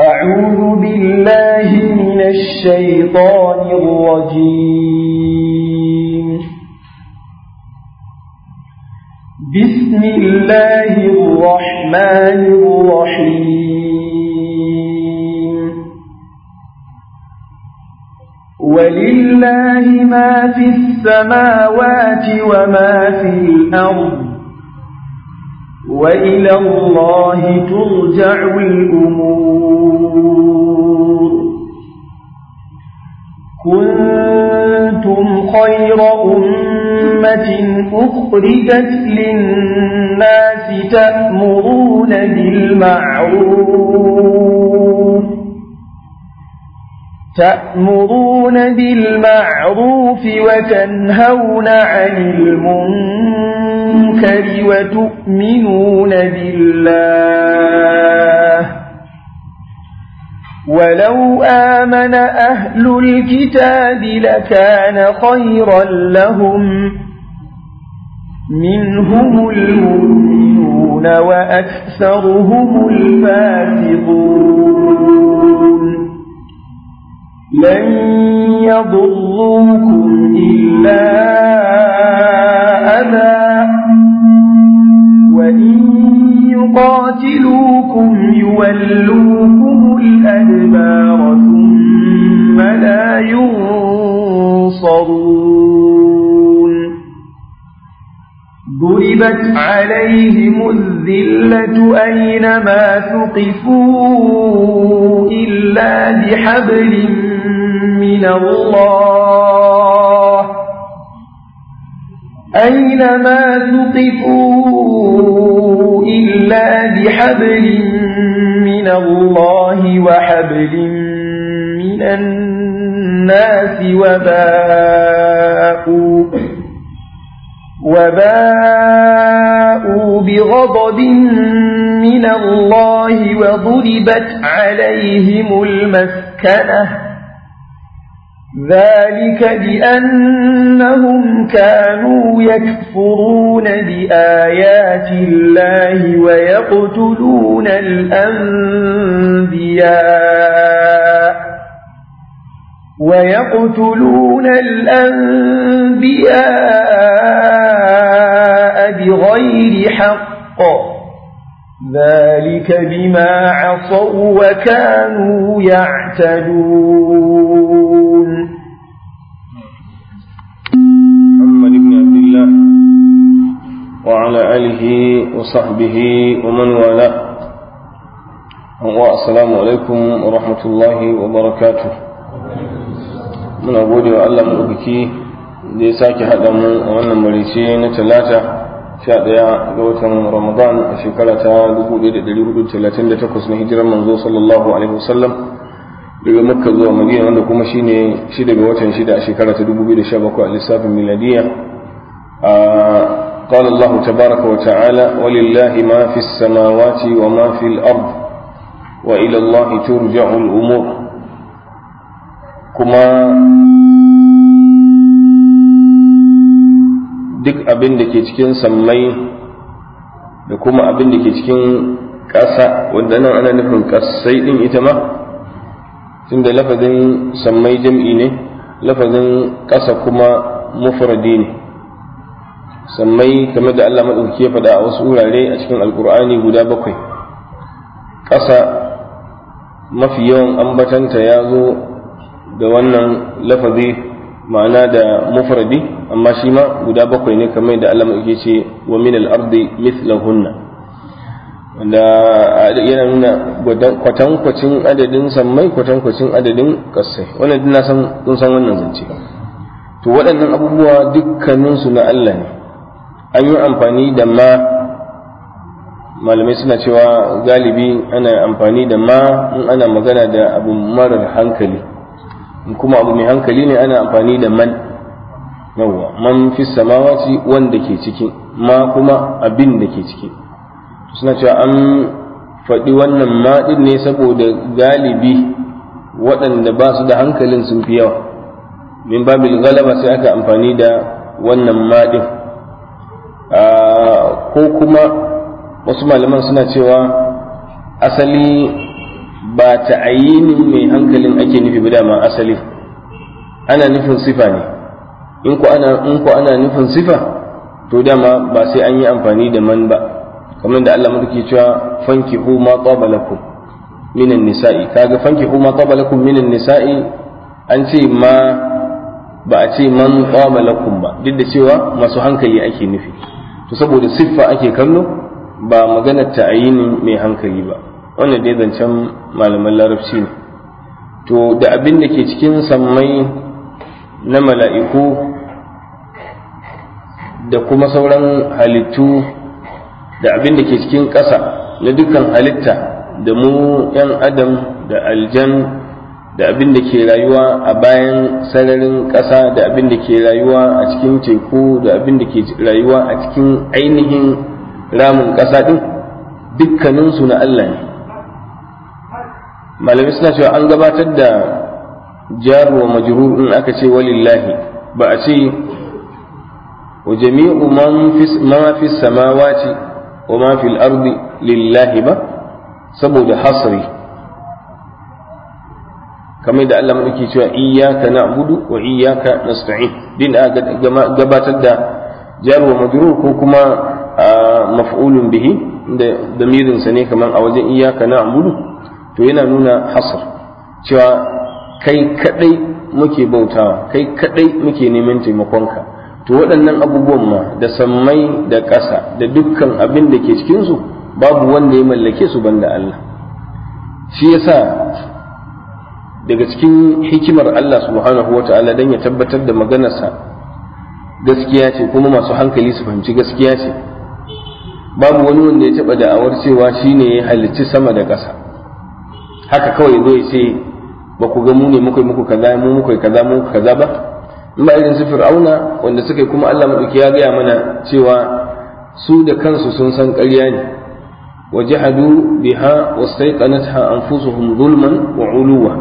أعوذ بالله من الشيطان الرجيم بسم الله الرحمن الرحيم ولله ما في السماوات وما في الأرض وإلى الله ترجع الأمور كنتم خير أمة أخرجت للناس تأمرون بالمعروف تأمرون بالمعروف وتنهون عن المنكر الْمُنكَرِ وَتُؤْمِنُونَ بِاللَّهِ وَلَوْ آمَنَ أَهْلُ الْكِتَابِ لَكَانَ خَيْرًا لَّهُم مِنْهُمُ الْمُؤْمِنُونَ وَأَكْثَرُهُمُ الْفَاسِقُونَ لن يضروكم إلا أذى وإن يقاتلوكم يولوكم الأدبار ثم لا ينصرون ضربت عليهم الذلة أينما ثقفوا إلا بحبل من الله أينما ثقفوا إلا بحبل من الله وحبل من الناس وباءوا وباءوا بغضب من الله وضربت عليهم المسكنة ذلك بأنهم كانوا يكفرون بآيات الله ويقتلون الأنبياء ويقتلون الأنبياء بغير حق ذلك بما عصوا وكانوا يعتدون محمد بن عبد الله وعلى آله وصحبه ومن والاه والسلام عليكم ورحمة الله وبركاته muna gode wa Allah maɗaukaki da ya sake haɗa mu a wannan marice na talata sha ɗaya ga watan ramadan a shekara ta 1438 na hijirar manzo sallallahu alaihi wasallam daga makka zuwa madina wanda kuma shine shi daga watan shida a shekara ta 2017 a lissafin miladiya قال الله تبارك وتعالى ولله ما في السماوات وما في الأرض وإلى الله ترجع الأمور kuma duk abin da ke cikin sammai da kuma abin da ke cikin ƙasa wanda nan ana nufin ƙasai ɗin ita ma tunda lafazin sammai jam'i ne lafazin ƙasa kuma mufradi ne sammai kamar da Allah maɗauki ya faɗa a wasu wurare a cikin alkur'ani guda bakwai ƙasa mafi yawan ambatanta ya zo da wannan lafazi ma'ana da mufradi amma shi ma guda bakwai ne kamar da Allah yake ce wa min al-ardi mithlahunna wanda yana nuna kwatankwacin adadin sammai kwatankwacin adadin kasai wannan din na san kun san wannan zance to waɗannan abubuwa dukkaninsu na Allah ne an yi amfani da ma malamai suna cewa galibi ana amfani da ma in ana magana da abu marar hankali kuma abu mai hankali ne ana amfani da man yawwa man fi samawati wanda ke ciki ma kuma abin da ke ciki suna cewa an faɗi wannan maɗin ne saboda galibi waɗanda ba su da hankalin sun fi yawa min babil galaba sai aka amfani da wannan maɗin ah, ko kuma wasu malaman suna cewa asali ba ta'ayinin mai hankalin ake nufi ba dama asali ana nufin sifa ne in ku ana in ku ana nufin sifa to dama ba sai an yi amfani da man ba kamar da Allah muke cewa hu ma qabalakum minan nisa'i kaga fanki hu ma qabalakum minan nisa'i an ce ma ba a ce man qabalakum ba duk da cewa masu hankali ake nufi to saboda siffa ake kallo ba maganar ta'ayinin mai hankali ba wannan dai zancen malaman larabci ne to da abin da ke cikin sammai na mala'iku da kuma sauran halittu da abin da ke cikin ƙasa na dukkan halitta da mu 'yan adam da aljan da abin da ke rayuwa a bayan sararin ƙasa da abin da ke rayuwa a cikin teku da abin da ke rayuwa a cikin ainihin ramin ƙasa ɗin dukkaninsu na Allah ne malamai suna cewa an gabatar da jaru wa majrur in aka ce walillahi ba a ce wa jami'u man fi ma fi samawati wa ma al ardi lillahi ba saboda hasri kamar da Allah muke cewa iyyaka na'budu wa iyyaka nasta'in din aka gabatar da jaru wa majrur ko kuma maf'ulun bihi da damirin sa ne kamar a wajen iyyaka na'budu to yana nuna hasar cewa kai kadai muke bautawa kai kadai muke neman taimakonka to waɗannan abubuwan ma da sammai da ƙasa da dukkan abin da ke cikinsu babu wanda ya mallake su banda Allah shi yasa daga cikin hikimar Allah subhanahu wa ta'ala don ya tabbatar da maganarsa gaskiya ce kuma masu hankali su fahimci gaskiya ce babu wani wanda ya taɓa da'awar cewa shi ne ya halicci sama da ƙasa haka kawai zo ya ce ba ku ga mu ne muka yi muku kaza mu muka yi kaza mu kaza ba in ba irin su fir'auna wanda suka kuma Allah madauki ya gaya mana cewa su da kansu sun san ƙarya ne wajahadu biha wastaiqanatha anfusuhum zulman wa uluwa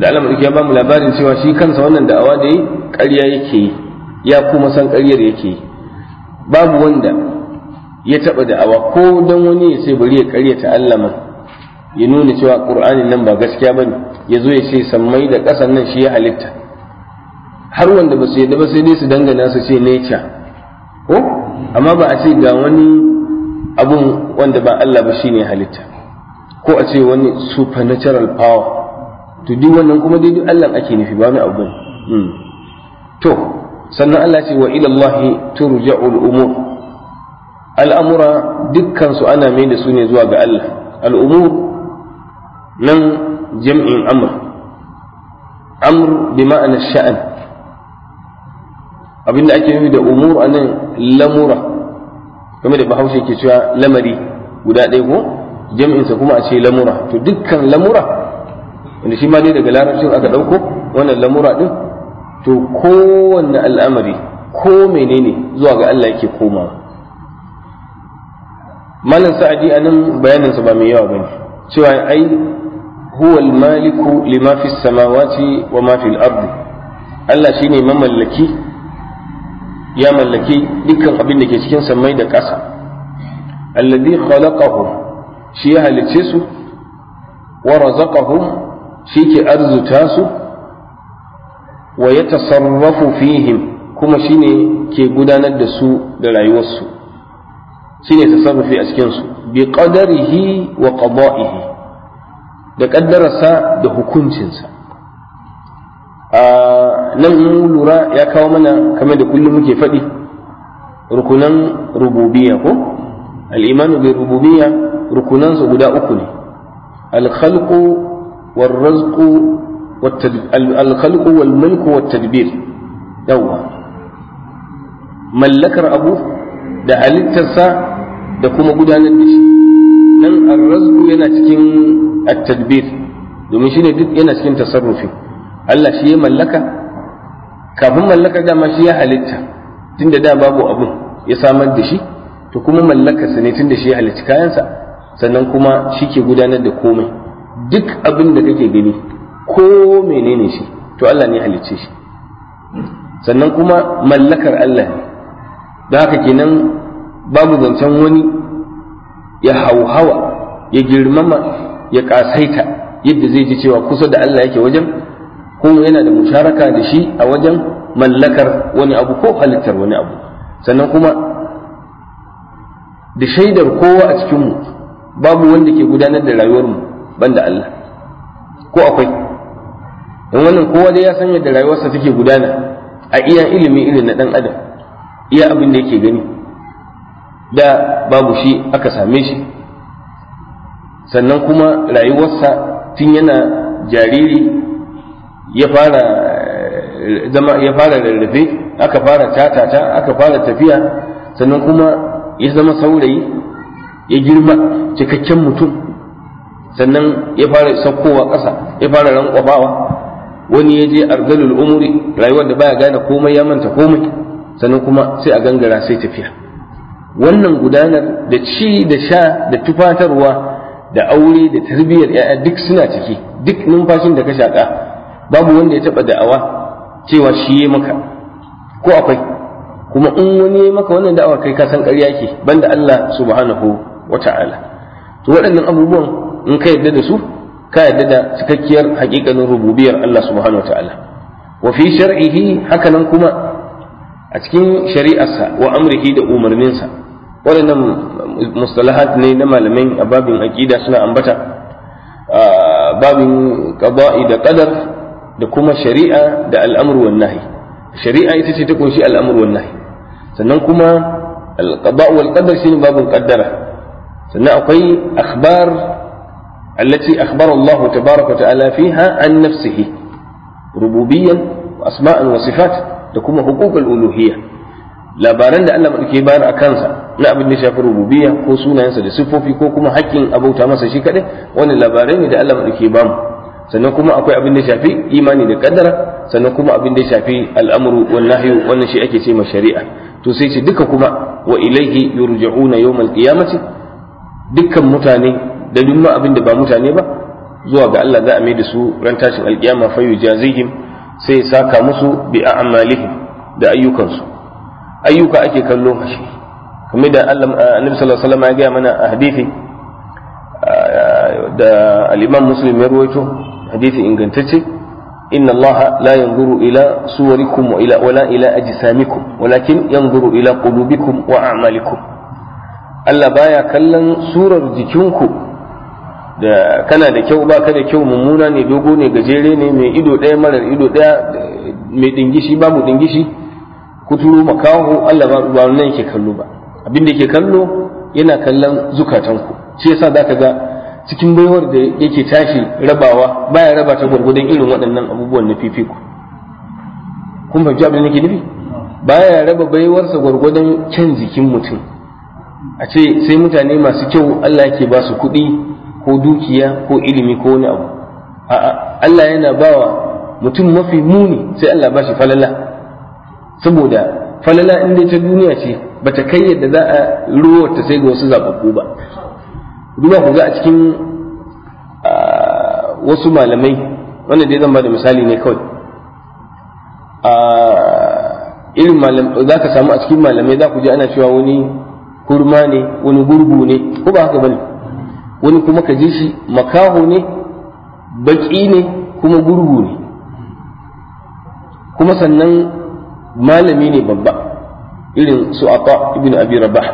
da Allah madauki ya ba mu labarin cewa shi kansa wannan da'awa da yi ƙarya yake yi ya kuma san ƙaryar yake yi babu wanda ya taɓa da'awa ko don wani ya ce bari ya ƙaryata Allah man ya nuna cewa qur'anin nan ba gaskiya ba ne. ya zo ya ce sammai da ƙasan nan shi ya halitta har wanda ba su yadda ba sai dai su dangana su ce nature ko amma ba a ce ga wani abun wanda ba Allah ba shi ne halitta ko a ce wani supernatural power to duk wannan kuma dai duk Allah ake nufi ba wani abu hmm. to sannan Allah ce wa ila Allah turja'ul umur al'amura dukkan su ana mai da su ne zuwa ga Allah al'umur nan jam'in amr amr bi ma'anar sha'an abinda ake yi da umur a nan lamura game da bahaushe ke cewa lamari guda ɗaya ko jam'insa kuma a ce lamura to dukkan lamura wanda shi ma dai daga larabcin aka ɗauko wannan lamura ɗin to kowanne al'amari ko menene zuwa ga Allah yake komawa malam sa'adi a nan bayaninsa ba mai yawa bane cewa ai huwa al-maliku lima fi samawati wa ma fi al-ard Allah shine mamallaki ya mallaki dukkan abin da ke cikin samai da ƙasa alladhi khalaqahum shi ya halicce su wa razaqahum shi ke arzuta su wa yatasarrafu fihim kuma shine ke gudanar da su da rayuwarsu shine tasarrafi a cikin su bi qadarihi wa qada'ihi da kaddararsa da hukuncinsa nan mu lura ya kawo mana kamar da kullum muke faɗi rukunan rububiya ko al'imanu bi rububiya rukunansa guda uku ne alkhalqu warrazqu alkhalqu wal mulku wat tadbir yawa mallakar abu da halittarsa da kuma gudanar da shi nan arrazqu yana cikin التدبير tadbir domin shine duk yana cikin tasarrufi Allah shi ya mallaka kafin mallaka dama shi ya halitta tunda da babu abu ya samar da shi to kuma mallaka sa ne tunda shi ya halitta kayansa sannan kuma shi ke gudanar da komai duk abin da kake gani ko menene shi to Allah ne ya halicce shi sannan kuma mallakar Allah ne da haka kenan babu zancen wani ya hauhawa ya girmama ya kasaita yadda zai ji cewa kusa da Allah yake wajen ko yana da musharaka da shi a wajen mallakar wani abu ko halittar wani abu sannan kuma da shaidar kowa a cikinmu babu wanda ke gudanar da rayuwarmu banda Allah ko akwai in wannan kowa dai ya san yadda rayuwarsa take gudana a iya ilimi irin na ɗan adam iya abin da yake gani da babu shi aka same shi sannan kuma rayuwarsa tun yana jariri ya fara eh, zama ya fara rarrafe aka fara tatata aka fara tafiya sannan kuma ya zama saurayi ya girma cikakken mutum sannan ya fara saukowa ƙasa ya fara rankwafawa wani ya je argalul umuri rayuwar da baya gane komai ya manta komai sannan kuma sai a gangara sai tafiya wannan gudanar da ci da sha da tufatarwa da aure da tarbiyyar ya'ya duk suna ciki duk numfashin da ka shaƙa babu wanda ya taɓa da'awa cewa shi ya maka ko akwai kuma in wani ya maka wannan da'awa kai ka san ƙarya ke banda Allah subhanahu wata'ala to waɗannan abubuwan in ka yadda da su ka yadda da cikakkiyar haƙiƙanin rububiyar Allah subhanahu wata'ala wa fi shar'ihi hakanan kuma a cikin shari'arsa wa amrihi da umarninsa waɗannan mustalahat ne na malamin a babin aƙida suna ambata a babin qada'i da qadar da kuma shari'a da al'amru wan nahi shari'a ita ce ta kunshi al'amru wan nahi sannan kuma al-qada'u wal qadar ne babin qaddara sannan akwai akhbar allati Allah التي ta'ala fiha an nafsihi rububiyyan عن نفسه ربوبيا وأسماء وصفات تكون حقوق uluhiyyah labaran da Allah ke bayar a kansa na abin da ya shafi rububiyya ko sunayensa da siffofi ko kuma hakkin abauta masa shi kaɗai wani labarai ne da Allah madauki ba mu sannan kuma akwai abin da shafi imani da kaddara sannan kuma abin da shafi al'amuru wal nahyu wannan shi ake ce ma shari'a to sai ce duka kuma wa ilaihi yurja'una yawmal qiyamati dukkan mutane da duk ma abin da ba mutane ba zuwa ga Allah za a mai da su ran tashin alkiyama fa sai sai saka musu bi a'malihim da ayyukansu ayyuka ake kallo shi kuma da annabi sallallahu alaihi wasallam ya gaya mana a hadisi da al-imam muslim ya rawaito hadisi ingantacce inna allaha la yanzuru ila suwarikum wa ila wala ila ajsamikum walakin yanzuru ila qulubikum wa a'malikum Allah baya kallon surar jikinku da kana da kyau ba ka da kyau mummuna ne dogo ne gajere ne mai ido ɗaya marar ido ɗaya mai dingishi babu dingishi kuturu makaho Allah ba nan yake kallo ba abin da yake kallo yana kallon zukatanku shi yasa zaka ga cikin baiwar da yake tashi rabawa baya raba ta gwargwadon irin waɗannan abubuwan na fifiko kun fahimci abin da ke nufi baya raba baiwarsa gwargwadon kyan jikin mutum a ce sai mutane masu kyau Allah yake ba su kuɗi ko dukiya ko ilimi ko wani abu a'a Allah yana bawa mutum mafi muni sai Allah ba shi falala saboda falala in dai ta duniya ce ba ta kai yadda za a ruwa ta sai ga wasu zababbu ba duba ku ga a cikin wasu malamai wanda dai zan ba da misali ne kawai a irin malamai, za ka samu a cikin malamai za ku ji ana cewa wani kurma ne wani gurgu ne ko ba haka bane wani kuma ka ji shi makaho ne baki ne kuma gurgu ne kuma sannan malami ne babba irin su aqa ibn abi rabah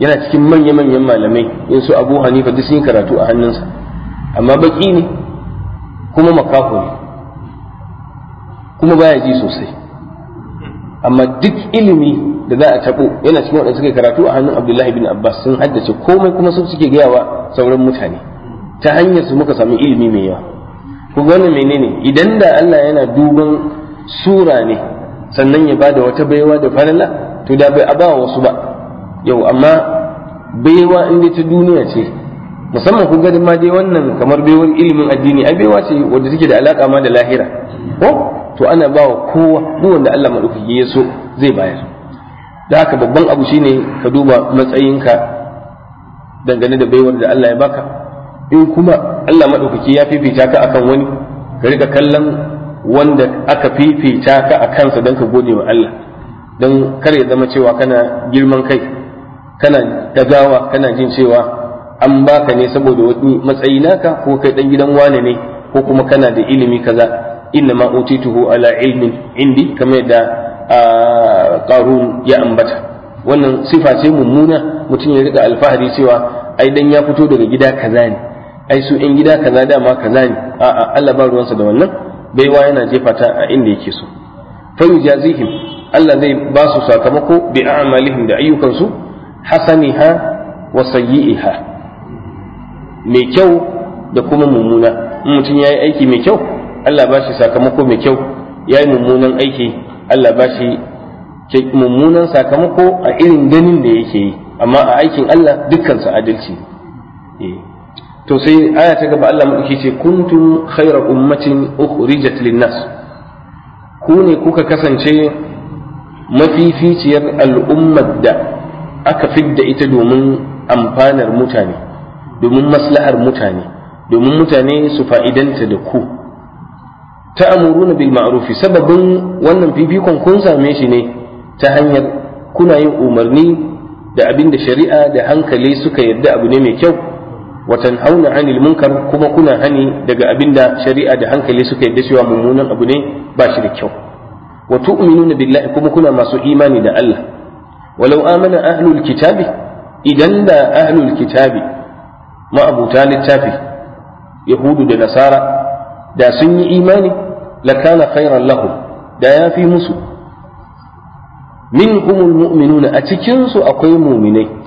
yana cikin manya manyan malamai in su abu hanifa duk sun yi karatu a hannunsa amma baki ne kuma makaho ne kuma baya ji sosai amma duk ilimi da za a tabo yana cikin waɗanda suka karatu a hannun abdullahi bin abbas sun haddace komai kuma sun suke gayawa sauran mutane ta hanyar su muka samu ilimi mai yawa ku ga wannan menene idan da Allah yana duban sura ne sannan ya bada wata baiwa da falala to da bai abawa wasu ba yau amma baiwa inda ta duniya ce musamman ku gani ma dai wannan kamar baiwar ilimin addini ai baiwa ce wanda take da alaka ma da lahira ko to ana bawa kowa duk wanda Allah madaukaki ya so zai bayar da haka babban abu shine ka duba matsayinka dangane da baiwar da Allah ya baka in kuma Allah madaukaki ya fifita ka akan wani ka rika kallon wanda aka fifita ka a kansa don ka gode wa Allah don kar ya zama cewa kana girman kai kana dagawa kana jin cewa an baka ne saboda wani matsayi naka ko kai dan gidan wane ne ko kuma kana da ilimi kaza inna ma utituhu ala ilmin indi kamar yadda qarun ya ambata wannan sifa ce mummuna mutum ya rika alfahari cewa ai dan ya fito daga gida kaza ne ai su in gida kaza dama kaza ne a'a Allah ba ruwansa da wannan baiwa yana jefa ta a inda yake so fa yujazihim Allah zai ba su sakamako bi a'malihim da ayyukansu hasaniha wa sayyi'iha mai kyau da kuma mummuna in mutum yayi aiki mai kyau Allah ba shi sakamako mai kyau yayi mummunan aiki Allah ba shi mummunan sakamako a irin ganin da yake yi amma a aikin Allah dukkan sa adalci eh to sai aya ta gaba Allah madauki ce kuntum khayra ummatin ukhrijat lin-nas ku ne kuka kasance mafificiyar al'ummar da aka fidda ita domin amfanar mutane domin maslahar mutane domin mutane su fa'idanta da ku Ta amuruna bil ma'rufi sababin wannan fifikon kun same shi ne ta hanyar kuna yin umarni da abin da shari'a da hankali suka yarda abu ne mai kyau Watan hau na 'anil munkar kuma kuna hani daga abinda shari'a da hankali suka yadda cewa mummunan abu ne ba shi da kyau wa tu'minuna billahi kuma kuna masu imani da Allah walau mana ahlul kitabi idan da ahlul kitabi ma'abuta littafi yahudu da nasara da sun yi imani lakana khairan lahum da ya fi musu minhumul mu'minuna a cikinsu akwai mu'minai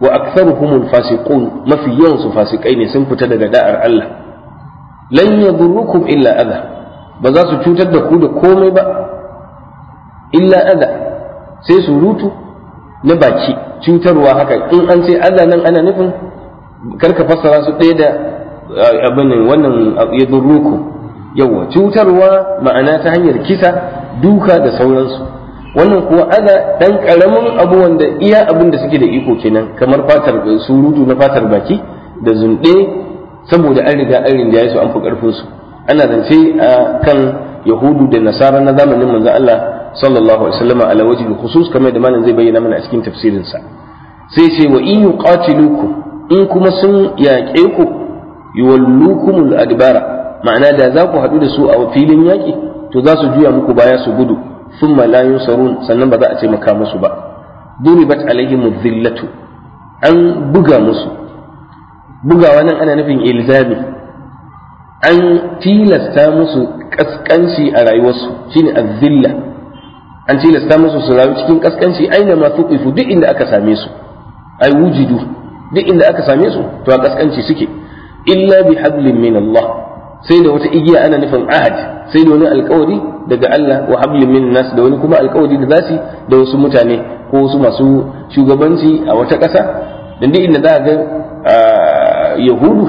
wa aktharuhum fasiqun mafi yawan su fasikai ne sun fita daga da'ar Allah lan yadurrukum illa adha ba za su cutar da ku da komai ba illa adha sai surutu na baki cutarwa haka in an sai Allah nan ana nufin karka fassara su ɗaya da abin wannan yadurrukum yawa cutarwa ma'ana ta hanyar kisa duka da sauransu wannan kuwa ana ɗan karamin abu wanda iya abin da suke da iko kenan kamar fatar surutu na fatar baki da zunɗe saboda an riga an rinjaye su an fi karfin su ana zance a kan yahudu da nasara na zamanin manzo Allah sallallahu alaihi wasallam ala wajhi khusus kamar da malam zai bayyana mana a cikin tafsirin sa sai ce wa in yuqatilukum in kuma sun yaƙe ku yuwallukumul adbara ma'ana da za ku haɗu da su a filin yaƙi to za su juya muku baya su gudu thumma la sarun sannan ba za a ce maka musu ba duribat alaihim dhillatu an buga musu bugawa nan ana nufin ilzami an tilasta musu kaskanci a rayuwarsu shine azzilla an tilasta musu su rayu cikin kaskanci aina ma tuqifu duk inda aka same su ai wujidu duk inda aka same su to a kaskanci suke illa bi hablin min Allah sai da wata igiya ana nufin ahad sai da wani alkawari daga Allah wa hablum min nas da wani kuma alƙawari da zasu da wasu mutane ko wasu masu shugabanci a wata ƙasa dan za inda za ga yahudu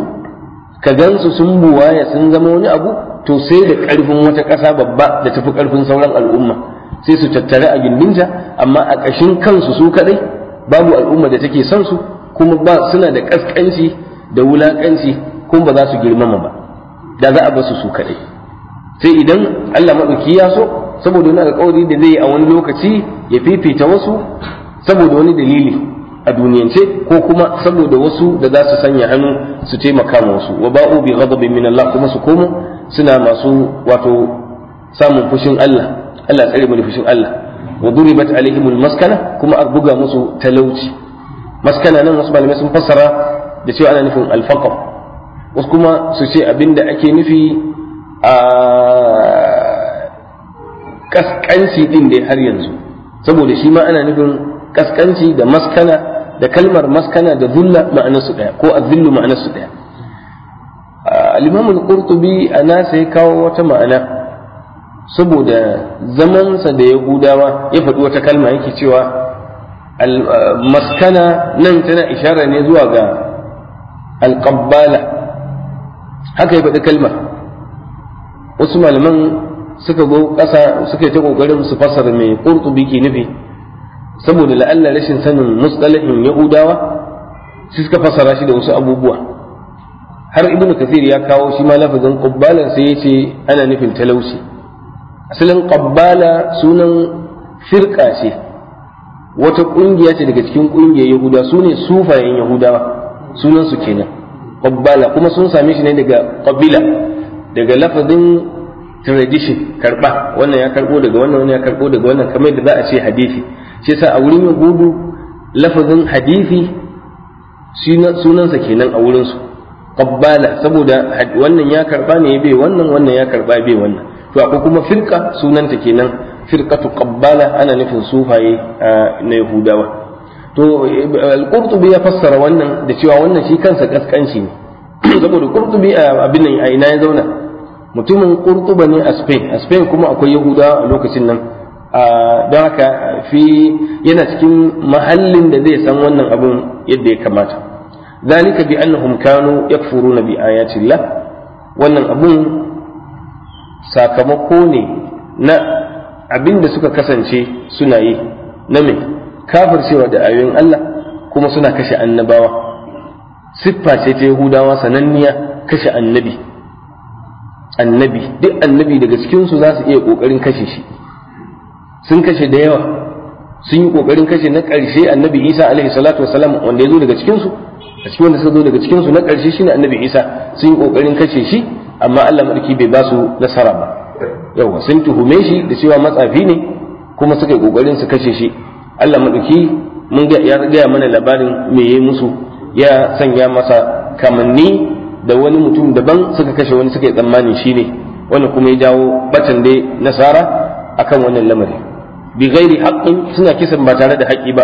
ka gansu sun buwaya sun zama wani abu to sai da ƙarfin wata ƙasa babba da tafi ƙarfin sauran al'umma sai su tattare a gindinta amma a ƙashin kansu su kaɗai babu al'umma da take son su kuma ba suna da ƙasƙanci da wulaƙanci kuma ba za su girmama ba da za a basu su kaɗai sai idan Allah maɗauki ya so saboda wani alƙawari da zai yi a wani lokaci ya fifita wasu saboda wani dalili a duniyance ko kuma saboda wasu da za su sanya hannu su taimaka ma wasu wa ba'u bi ghadabin min Allah kuma su komo suna masu wato samun fushin Allah Allah tsare mu fushin Allah wa duribat alaihimul maskana kuma a buga musu talauci maskana nan wasu malamai sun fassara da cewa ana nufin alfaqar wasu kuma su ce abinda ake nufi kaskanci din da har yanzu saboda shi ma ana nufin kaskanci da maskana da kalmar maskana da zulla su ɗaya ko azillu su ɗaya al-imam al-qurtubi a nasa kawo wata ma'ana saboda zamansa da yahudawa ya faɗi wata kalma yake cewa maskana nan tana ishara ne zuwa ga al-qabbala haka ya faɗi kalmar wasu malaman suka go ƙasa suka ta ƙoƙarin su fasara mai qurtubi ke nufi saboda la'alla rashin sanin mustalahin yahudawa su suka fasara shi da wasu abubuwa har ibnu kathir ya kawo shi ma lafazin qabbalan sai yace ana nufin talauci asalin qabbala sunan firqa ce wata kungiya ce daga cikin ƙungiyar yahuda su sufayen yahudawa sunan su kenan qabbala kuma sun same shi ne daga qabila daga lafazin tradition karba wannan ya karbo daga wannan wannan ya karbo daga wannan kamar yadda za a ce hadisi shi yasa a wurin gudu lafazin hadisi sunansa kenan a wurin su qabbala saboda wannan ya karba ne bai wannan wannan ya karba bai wannan to akwai kuma firqa sunanta kenan firqatu qabbala ana nufin sufaye na yahudawa to al-qurtubi ya fassara wannan da cewa wannan shi kansa kaskanci ne saboda a eh, abin nan a ina ya zauna mutumin kurtuba ne a spain a spain kuma akwai yahudawa a lokacin nan ah, don haka fi yana cikin mahallin da zai san wannan abun yadda ya kamata zalika bi annahum kanu yakfuruna bi ayatillah wannan abun sakamako ne na abin da suka kasance suna yi na me kafircewa da ayoyin Allah kuma suna kashe annabawa siffa ce ta yahudawa sananniya kashe annabi annabi duk annabi daga cikinsu za su iya ƙoƙarin kashe shi sun kashe da yawa sun yi ƙoƙarin kashe na ƙarshe annabi isa alaihi salatu wasalam wanda ya zo daga cikinsu a cikin wanda suka zo daga cikinsu na ƙarshe shine annabi isa sun yi ƙoƙarin kashe shi amma allah maɗauki bai ba su nasara ba yawa sun tuhume shi da cewa matsafi ne kuma suka yi ƙoƙarin su kashe shi allah maɗauki mun ya gaya mana labarin me ya musu ya sanya masa kamanni da wani mutum daban suka kashe wani suka yi tsammanin shi ne wani kuma ya jawo batan dai nasara akan wannan lamari bi gairi haƙƙin suna kisan ba tare da haƙƙi ba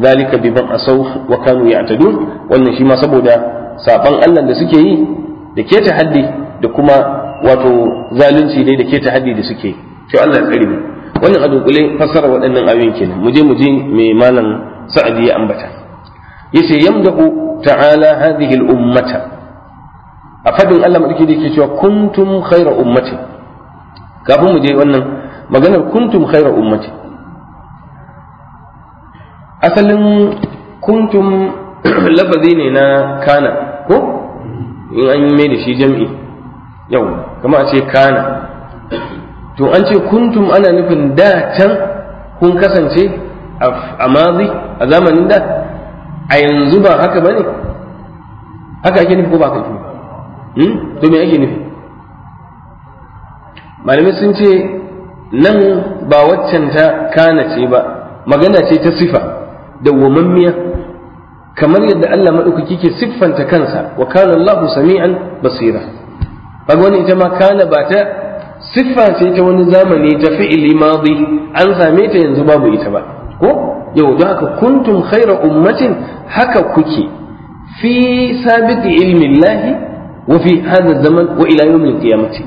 zalika bi ban asau wa kanu atadu wannan shi ma saboda saban Allah da suke yi da ke ta haddi da kuma wato zalunci ne da ke ta haddi da suke to Allah ya tsare mu wannan a dunkule fassara waɗannan ayoyin kenan mu je mu je me malam sa'adi ya ambata yace yamdahu ta'ala hadhihi al-ummata a fadin Allah madaki da yake cewa kuntum khayra ummati kafin mu je wannan maganar kuntum khayra ummati asalin kuntum lafazi ne na kana ko in an mai da shi jam'i yau kama a ce kana to an ce kuntum ana nufin da can kun kasance a mazi a zamanin da a yanzu ba haka ba ne? haka ake nufi ko ba haka ake nufi hmm? to me ake nufi malamai sun ce nan ba waccan ta kana ce ba magana ce ta sifa da wamammiya kamar yadda Allah maɗaukaki ke siffanta kansa wa kana Allahu sami'an basira kaga wani ita ma kana ba ta siffa ce ta wani zamani ta fi'ili madi an same ta yanzu babu ita ba ko yau don haka kuntum khaira ummatin haka kuke fi sabiq ilmin lahi wa fi hadha zaman wa ila yawmil qiyamati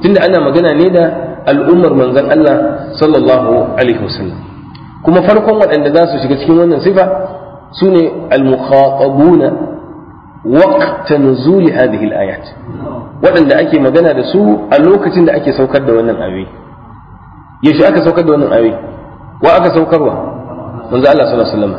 tunda ana magana ne da al'ummar manzon Allah sallallahu alaihi wasallam kuma farkon waɗanda za su shiga cikin wannan sifa sune al-mukhatabuna waqta nuzuli hadhihi al-ayat waɗanda ake magana da su a lokacin da ake saukar da wannan ayoyi yaushe aka saukar da wannan ayoyi wa aka saukarwa manzo Allah sallallahu alaihi wasallam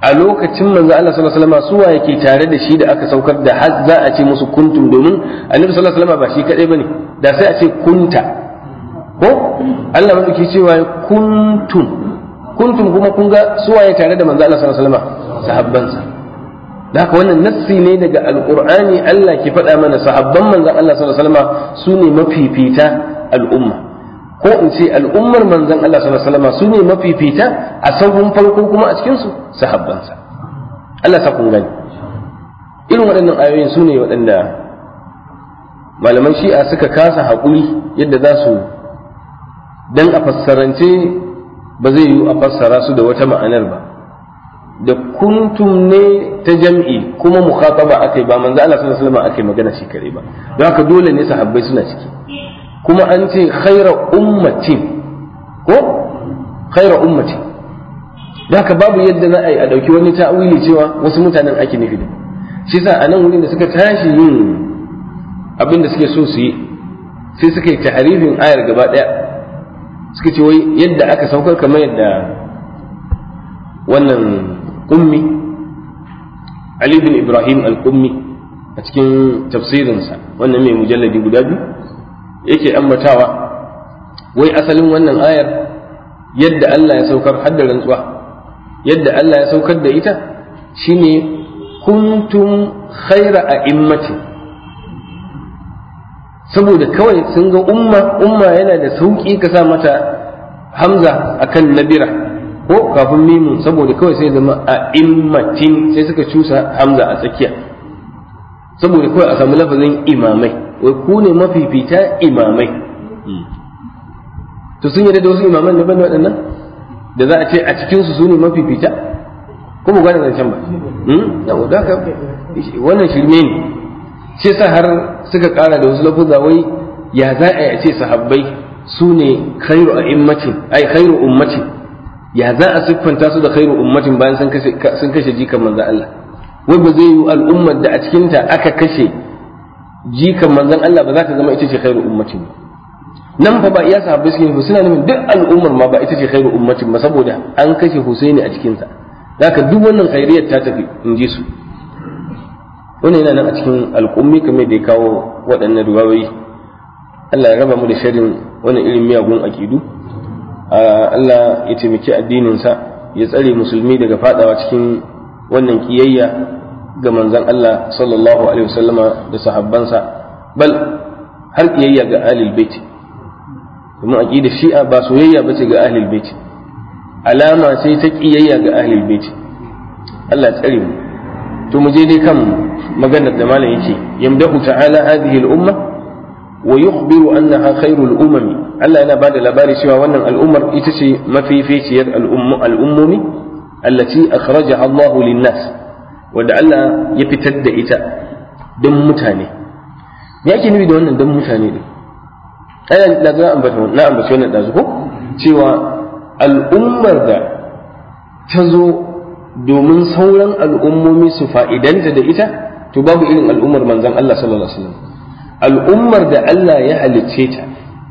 a lokacin manzo Allah sallallahu alaihi wasallam suwa yake tare da shi da aka saukar da har za a ce musu kuntum domin annabi sallallahu alaihi wasallam ba shi kadai bane da sai a ce kunta ko Allah madauki cewa kuntum kuntum kuma kun ga waye tare da manzo Allah sallallahu alaihi wasallam sahabbansa da haka wannan nassi ne daga alqur'ani Allah ke faɗa mana sahabban manzon Allah sallallahu alaihi wasallam su ne mafifita al'umma ko in ce al'ummar manzon Allah sallallahu alaihi wasallam su ne mafifita a sauran farko kuma a cikin su sahabbansa Allah sa kun gani irin waɗannan ayoyin su ne waɗanda malaman shi'a suka kasa haƙuri yadda za su dan a fassarance ba zai yiwu a fassara su da wata ma'anar ba da kuntum ne ta jam'i kuma mukhataba akai ba manzo Allah sallallahu alaihi wasallam akai magana shi kare ba don haka dole ne sahabbai suna ciki kuma an ce khaira ummatin ko khaira ummatin haka babu yadda na a ɗauki wani ta'awili cewa wasu mutanen ake nufi da shi sa a nan wurin da suka tashi yin abin da suke so su yi sai suka yi ta'arifin ayar gaba ɗaya suka ce wai yadda aka saukar kamar yadda wannan ummi Ali bin Ibrahim al-Ummi a cikin tafsirinsa wannan mai mujalladi guda biyu yake ambatawa wai asalin wannan ayar yadda Allah ya saukar haddar rantsuwa yadda Allah ya saukar da ita shine kuntun khaira a immatin saboda kawai sun ga umma umma yana da sauƙi ka sa mata hamza akan nabira ko kafin mimun saboda kawai sai zama a immatin sai suka cusa hamza a tsakiya saboda kawai a samu lafazin imamai wai ku ne mafifita imamai to sun yarda da wasu imaman ne bane waɗannan da za a ce a cikin su ne mafifita ko mu gane zancen ba hmm? yawa da haka wannan shirme ne shi sa har suka ƙara da wasu lafuza wai ya za a yi a ce sahabbai su ne khairu a'immatin ai khairu ummatin ya za a siffanta su da khairu ummatin bayan sun kashe jikan manzo Allah wai ba zai yi al'ummar da a cikinta aka kashe jikan manzon Allah ba za ta zama ita ce khairu ummatin nan fa ba iya sahabbai suke ba suna nufin duk al'ummar ma ba ita ce khairu ummatin ba saboda an kashe Husaini a cikin sa zaka duk wannan khairiyar ta tafi in ji su wannan yana nan a cikin al'ummi kamar da ya kawo waɗannan ruwayoyi Allah ya raba mu da sharrin wannan irin miyagun akidu. Allah ya taimaki addinin sa ya tsare musulmi daga fadawa cikin wannan kiyayya ga manzon Allah sallallahu alaihi wasallama da sahabbansa bal har kiyayya ga ahlul bait domin aqidar shi'a ba soyayya bace ga ahlul bait alama sai ta kiyayya ga ahlul bait Allah tsare mu to mu je dai kan maganar da malam yake yamdahu ta'ala hadhihi al-umma wa yukhbiru annaha khairul umam Allah yana bada labari cewa wannan al'ummar ita ce mafificiyar al'ummomi allati akhrajaha Allah lin-nas wanda Allah ya fitar da ita don mutane me ake nufi da wannan don mutane ne ai da za ambata na ambaci wannan da ko cewa al'ummar da ta zo domin sauran al'ummomi su fa'idanta da ita to babu irin al'ummar manzon Allah sallallahu alaihi wasallam al'ummar da Allah ya halicce ta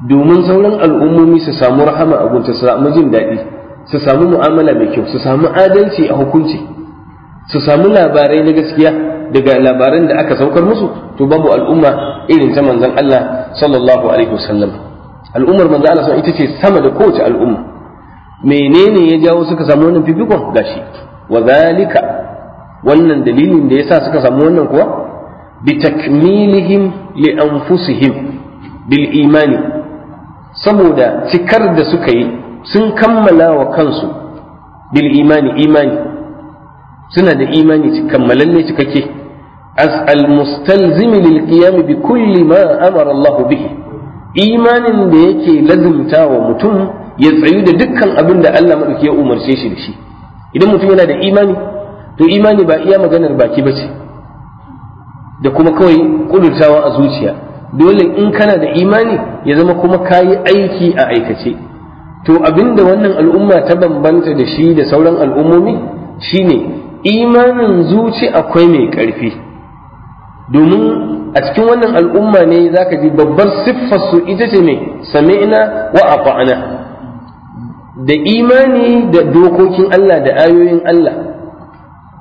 domin sauran al'ummomi su samu rahama a gunta su samu jin daɗi su samu mu'amala mai kyau su samu adalci a hukunci su samu labarai na gaskiya daga labaran da aka saukar musu to babu al'umma irin ta manzon Allah sallallahu alaihi wasallam al'ummar manzon Allah ita ce sama da kowace al'umma menene ya jawo suka samu wannan fifikon gashi wa zalika wannan dalilin da yasa suka samu wannan kuwa bi takmilihim li anfusihim bil imani saboda cikar da suka yi sun kammala wa kansu bil imani imani suna da imani kammalalle cikakke al mustalzimi lil qiyam bi kulli ma amara Allah bihi imanin da yake lazimta wa mutum ya tsayu da dukkan abin da Allah madauki ya umarce shi da shi idan mutum yana da imani to imani ba iya maganar baki bace da kuma kawai kudurtawa a zuciya dole in kana da imani ya zama kuma kayi aiki a aikace to abinda wannan al'umma ta bambanta da shi da sauran al'ummomi shine imanin zuci akwai mai karfi domin a cikin wannan al'umma ne za ka ji babbar siffarsu ita ce mai sami'na wa afa'ana da imani da dokokin Allah da ayoyin Allah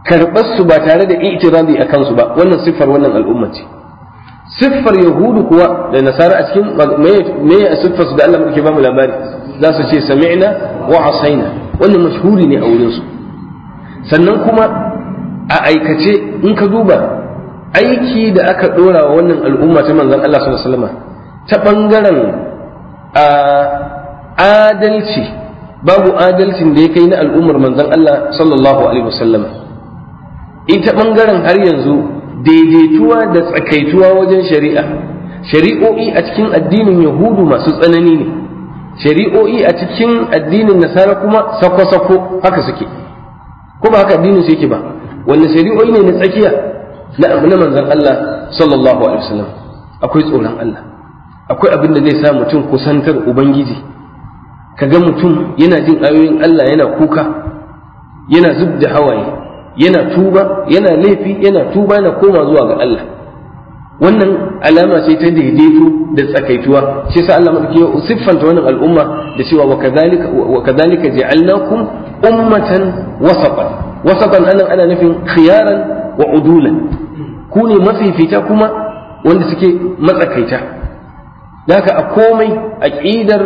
karɓarsu ba tare da itirazi a kansu ba wannan siffar wannan al'umma ce siffar yahudu kuwa da nasara a cikin me a siffarsu da Allah muke ba mu labari za su ce sami'na wa asaina wannan mashuri ne a wurinsu sannan kuma a aikace in ka duba aiki da aka dora wa wannan al'umma ta manzan Allah sallallahu alaihi wasallam ta bangaren adalci babu adalcin da ya kai na al'ummar manzan Allah sallallahu alaihi wasallam ita bangaren har yanzu daidaituwa da tsakaituwa wajen shari'a shari'o'i a cikin addinin yahudu masu tsanani ne shari'o'i a cikin addinin nasara kuma sako-sako haka suke ko ba haka addinin su yake ba wanda wai ne na tsakiya na abu manzon Allah sallallahu alaihi wasallam akwai tsoron Allah akwai abin da zai sa mutum kusantar ubangiji ka ga mutum yana jin ayoyin Allah yana kuka yana zub da hawaye yana tuba yana laifi yana tuba yana koma zuwa ga Allah wannan alama ce ta daidaito da tsakaituwa shi sa Allah madauki ya siffanta wannan al'umma da cewa wa kadhalika wa kadhalika ja'alnakum ummatan wasatan wasatan anan ana nufin khiyaran wa udulan ku ne mafifita kuma wanda suke matsakaita haka a komai aqidar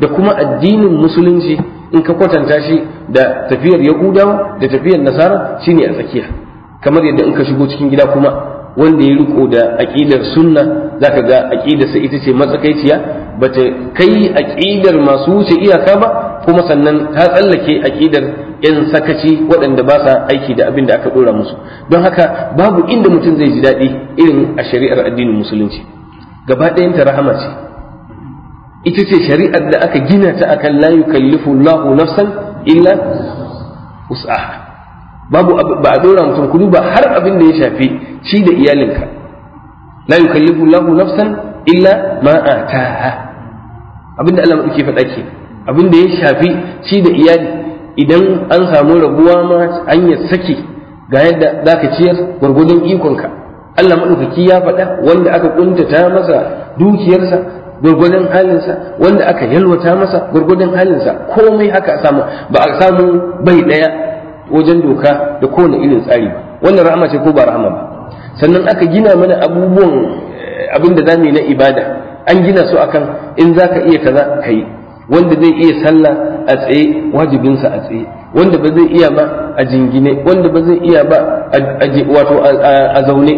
da kuma addinin musulunci in ka kwatanta shi da tafiyar yahudawa da tafiyar nasara shine a tsakiya kamar yadda in ka shigo cikin gida kuma wanda ya riko da aqidar sunna zaka ga sa ita ce matsakaiciya bata kai aqidar masu wuce iyaka ba kuma sannan ta tsallake aƙidar yan sakaci waɗanda ba sa aiki da abin da aka ɗora musu don haka babu inda mutum zai ji daɗi irin a shari'ar addinin musulunci gaba ɗayanta rahama ce ita ce shari'ar da aka gina ta akan la yukallifu Allahu nafsan illa wus'aha babu ba a dora mutum kudu ba har abin da ya shafi shi da iyalinka la yukallifu Allahu nafsan illa ma ataha abinda Allah ke faɗa ke abin da ya shafi ci da iyali idan an samu rabuwa ma an hanyar saki ga yadda za ka ciyar gwargwadon ikonka Allah maɗaukaki ya faɗa wanda aka ƙuntata masa dukiyarsa gwargwadon halinsa wanda aka yalwata masa gwargwadon halinsa komai haka samu ba a samu bai ɗaya wajen doka da kowane irin tsari ba wannan rahama ce ko ba rahama ba sannan aka gina mana abubuwan eh, abin da za mu yi na ibada an gina su akan in za ka iya kaza ka yi wanda zai iya sallah a tsaye wajibinsa a tsaye wanda ba zai iya ba a jingine wanda ba zai iya ba a wato a zaune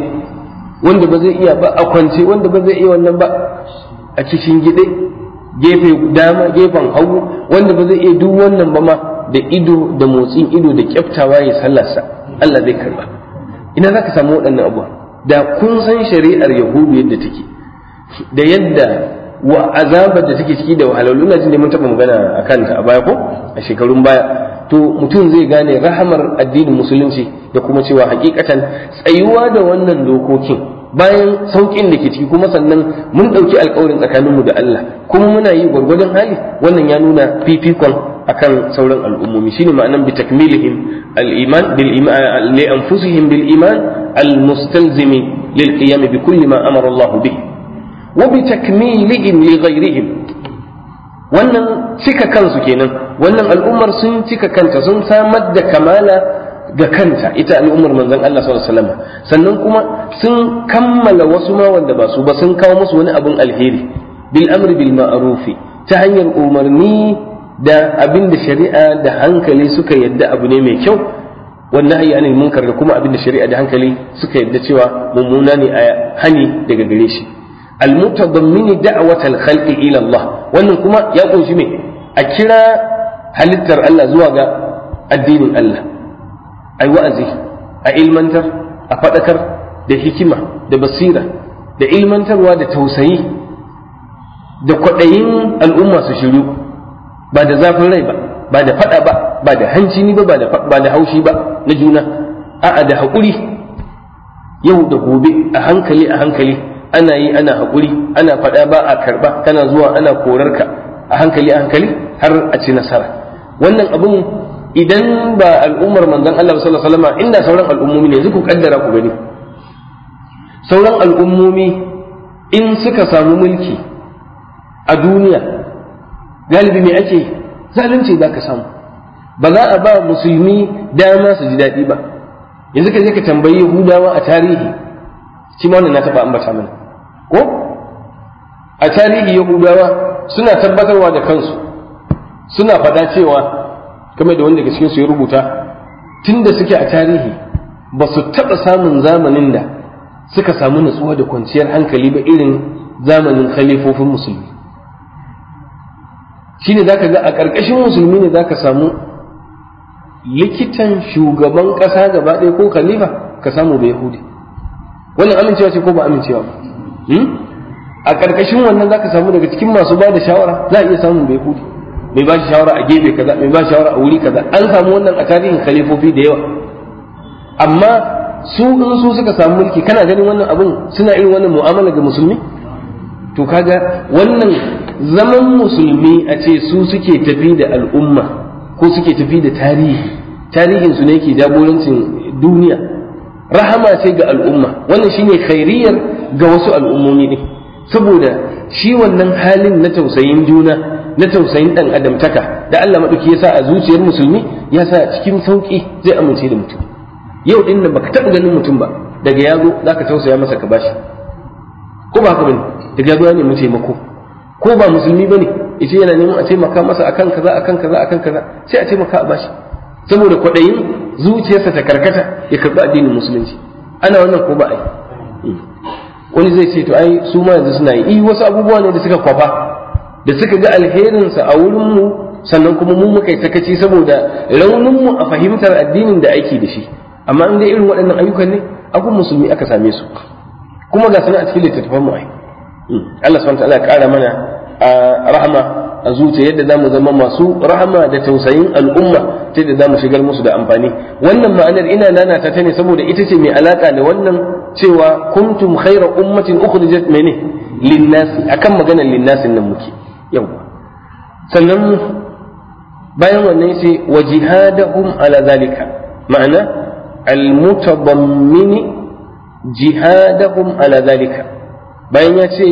wanda ba zai iya ba a kwance wanda ba zai iya wannan ba a cikin gide gefe dama gefen hagu wanda ba zai iya duk wannan ba ma da ido da motsin ido da kyaftawa ya sallarsa Allah zai karba ina za ka samu waɗannan abubuwa da kun san shari'ar yahudu yadda take da yadda wa azabar da suke ciki da wahalhalu ina jin da mun taɓa magana a kanta a baya ko a shekarun baya to mutum zai gane rahamar addinin musulunci da kuma cewa hakikatan tsayuwa da wannan dokokin bayan saukin da ke ciki kuma sannan mun ɗauki alkawarin tsakaninmu da Allah kuma muna yi gwargwadon hali wannan ya nuna fifikon akan sauran al'ummomi shine ma'anan bi takmilihim al-iman bil iman li anfusihim bil iman al-mustalzimi lil qiyam bi kulli ma amara Allah bihi wa bi wannan cika kansu kenan wannan al'ummar sun cika kanta sun samar da kamala ga kanta ita al'ummar manzon Allah sallallahu alaihi wasallam sannan kuma sun kammala wasu ma wanda ba su ba sun kawo musu wani abun alheri bil amri bil ma'arufi ta hanyar umarni da abin da shari'a da hankali suka yadda abu ne mai kyau wannan ayi anil munkar da kuma abin da shari'a da hankali suka yadda cewa mummuna ne a hani daga gare shi almutadammini da'watal khalqi ila Allah wannan kuma ya ƙunshi me a kira halittar Allah zuwa ga addinin Allah ai wa'azi a ilmantar a faɗakar, da hikima da basira da ilmantarwa da tausayi da kwaɗayin al'umma su shiru ba da zafin rai ba ba da faɗa ba ba da hanci ni ba ba da haushi ba na juna a'a da haƙuri yau da gobe a hankali a hankali ana yi ana hakuri ana faɗa ba a karɓa kana zuwa ana korarka a hankali a hankali har a ci nasara wannan abun idan ba al'ummar manzon Allah sallallahu alaihi wasallam inda sauran al'ummomi ne ku kaddara ku gani sauran al'ummomi in suka samu mulki a duniya galibi me ake zalunci za ka samu ba za a ba musulmi dama su ji daɗi ba yanzu ka je ka tambayi yahudawa a tarihi shi ma wannan na taɓa ambata mana ko a tarihi yahudawa suna tabbatarwa da kansu suna faɗa cewa kamar da wanda daga cikinsu ya rubuta tun suke a tarihi ba su taɓa samun zamanin da suka samu nutsuwa da kwanciyar hankali ba irin zamanin khalifofin musulmi shi ne za ka ga a ƙarƙashin musulmi ne za ka samu likitan shugaban ƙasa gaba ɗaya ko khalifa ka samu bai yahudi wannan amincewa ce ko ba amincewa ba hmm? a ƙarƙashin wannan zaka samu daga cikin masu ba da shawara za a iya samun bai kudi mai ba shi shawara a gefe kaza mai ba shawara a wuri kaza an samu wannan a tarihin khalifofi da yawa amma su in su suka samu mulki kana ganin wannan abun suna irin wannan mu'amala ga musulmi to kaga wannan zaman musulmi a ce su suke tafi da al'umma ko suke tafi da tarihi tarihin su ne ke jagorancin duniya rahama ce ga al'umma wannan shine khairiyar ga wasu al'ummomi ne saboda shi wannan halin na tausayin juna na tausayin dan adamtaka da Allah madauki ya sa a zuciyar musulmi ya sa cikin sauki zai amince da mutum yau din nan baka taɓa ganin mutum ba daga yazo zaka tausaya masa ka bashi ko ba haka bane daga yazo ya nemi taimako ko ba musulmi bane yace yana neman a taimaka masa akan kaza akan kaza akan kaza sai a taimaka a bashi saboda kwaɗayin zuciyarsa ta karkata ya karɓi addinin musulunci ana wannan ko ba yi hmm. wani zai ce to ai su ma yanzu suna yi eh wasu abubuwa ne da suka kwafa da suka ga alherinsa a wurin mu sannan kuma mu muka yi sakaci saboda rauninmu a fahimtar addinin da aiki da shi amma in dai irin waɗannan ayyukan ne akwai musulmi aka same su kuma ga suna a cikin littattafan mu ai hmm. Allah subhanahu wa ta'ala ya ƙara mana ah, rahama a zuciya yadda zamu zama masu rahama da tausayin al'umma ta yadda zamu shigar musu da amfani wannan ma'anar ina nana ta ne saboda ita ce mai alaka da wannan cewa kuntum khayra ummatin ukhrijat mene linnasi akan maganar linnasin nan muke yawa sannan bayan wannan sai wajihadahum ala zalika ma'ana almutadammini jihadahum ala zalika bayan ya ce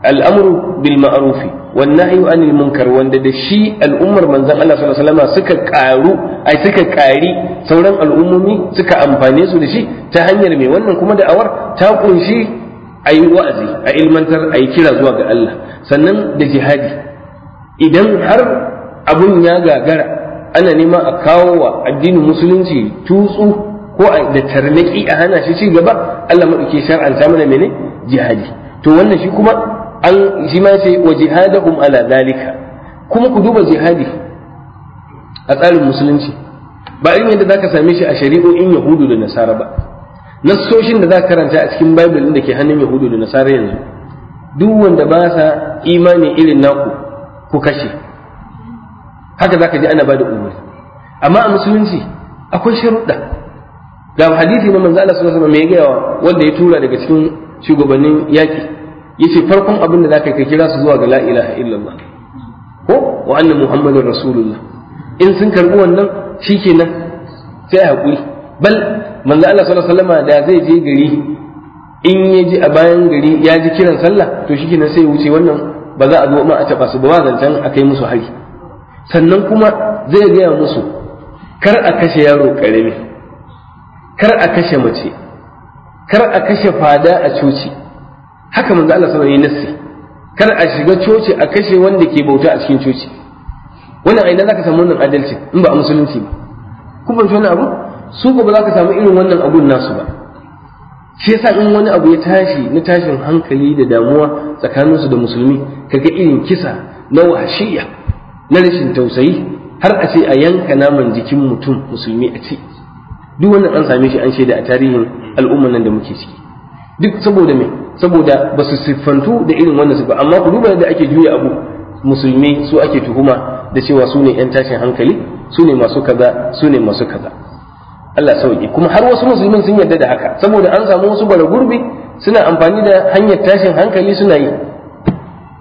al'amru bil ma'rufi wannan ayu anil munkar wanda da shi al'ummar manzon Allah sallallahu alaihi wasallam suka karu ai suka kari sauran al'ummomi suka amfane su da shi ta hanyar mai wannan kuma da'awar ta kunshi ayi wa'azi a ilmantar ayi kira zuwa ga Allah sannan da jihadi idan har abun ya gagara ana nema a kawo wa addinin musulunci tutsu ko da tarnaki a hana shi ci gaba Allah maɗauke shar'anta mana mene jihadi to wannan shi kuma an shi ma sai wa jihadahum ala dalika kuma ku duba jihadi a tsarin musulunci ba irin yadda zaka same shi a shari'o'in yahudu da nasara ba nassoshin da zaka karanta a cikin bible din da ke hannun yahudu da nasara yanzu duk wanda ba sa imani irin naku ku kashe haka zaka ji ana bada umuri. amma a musulunci akwai sharuɗa ga hadisi na manzo Allah sallallahu alaihi wasallam ya gaya wanda ya tura daga cikin shugabannin yaki yace farkon abin da zaka ka kira su zuwa ga la ilaha illallah ko wa anna muhammadur rasulullah in sun karbi wannan shikenan sai hakuri bal manzo Allah sallallahu alaihi wasallam da zai je gari in ya ji a bayan gari ya ji kiran sallah to shikenan sai ya wuce wannan ba za a zo ma a taba su ba zancan a kai musu hari sannan kuma zai gaya musu kar a kashe yaro karami kar a kashe mace kar a kashe fada a coci haka manzo Allah sallallahu alaihi wasallam nassi kar a shiga coci a kashe wanda ke bauta a cikin coci wannan aina zaka samu wannan adalci in ba a musulunci ba ku ban wannan abu su ba za ka samu irin wannan abun nasu ba shi yasa in wani abu ya tashi na tashin hankali da damuwa tsakaninsu da musulmi kaga irin kisa na wahashiya na rashin tausayi har a ce a yanka naman jikin mutum musulmi a ce duk wannan an same shi an shaida a tarihin al'umman nan da muke ciki duk saboda me saboda ba su siffantu da irin wannan siffa, amma ku duba yadda ake juya abu musulmi su ake tuhuma da cewa su ne yan tashin hankali su ne masu kaza su ne masu kaza Allah sauki kuma har wasu musulmin sun yarda da haka saboda an samu wasu bara gurbi suna amfani da hanyar tashin hankali suna yi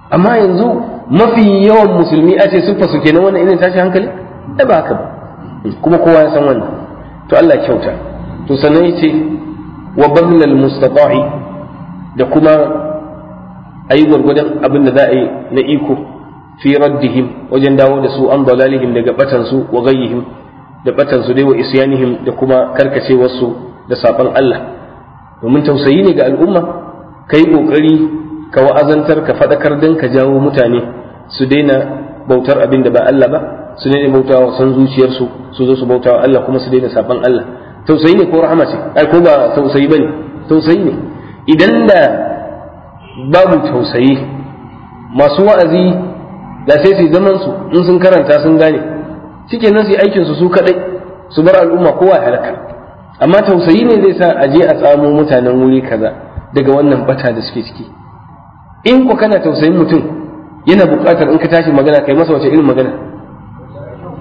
amma yanzu mafi yawan musulmi a ce siffa su kenan wannan irin tashin hankali da ba haka ba kuma kowa ya san wannan to Allah kyauta to sannan yace wa bablal da kuma ayi gwargwadon abin da za a yi na iko fi raddihim wajen dawo da su an dalalihim daga batansu wa gayyihim da batansu dai wa isyanihim da kuma karkacewarsu da saban Allah domin tausayi ne ga al'umma kai kokari ka wa'azantar ka fadakar dan ka jawo mutane su daina bautar abin da ba Allah ba su daina bautawa san zuciyarsu su zo su bautawa Allah kuma su daina saban Allah tausayi ne ko rahama ce ai ko ba tausayi bane tausayi ne idan da babu tausayi masu wa'azi da sai su zaman su in sun karanta sun gane cike nan su aikin su su kadai su bar al'umma kowa ya halaka amma tausayi ne zai sa aje a tsamo mutanen wuri kaza daga wannan bata da suke ciki in ko kana tausayin mutum yana buƙatar in ka tashi magana kai masa wace irin magana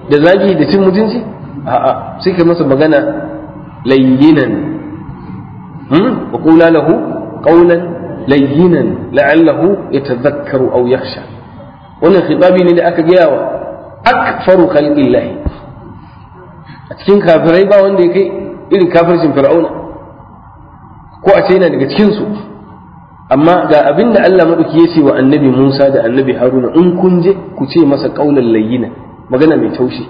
da zagi da cin mutunci a'a sai kai masa magana layyinan hmm? wa qula lahu qawlan layyinan la'allahu yatadhakkaru aw yakhsha wannan khitabi ne da aka gaya wa akfaru khalqillahi a cikin kafirai ba wanda ya kai irin kafircin fir'auna ko a ce yana daga cikin su amma ga abinda Allah maɗauki ya ce wa annabi Musa da annabi Haruna in kun je ku ce masa ƙaunar layyina magana mai taushe.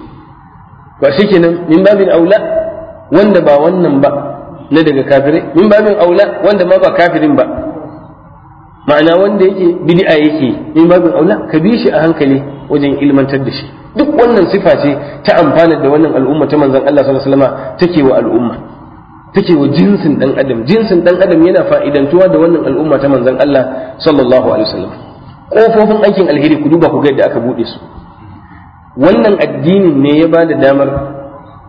ba shi kenan min babin aula wanda ba wannan ba na daga kafirai min babin aula wanda ma ba kafirin ba ma'ana wanda yake bid'a yake min babin aula ka bi shi a hankali wajen ilmantar da shi duk wannan sifa ce ta amfana da wannan al'umma ta manzon Allah sallallahu alaihi wasallama take wa al'umma take wa jinsin dan adam jinsin dan adam yana fa'idantuwa da wannan al'umma ta manzon Allah sallallahu alaihi wasallam kofofin aikin alheri ku duba ku ga yadda aka bude su wannan addinin ne ya bada damar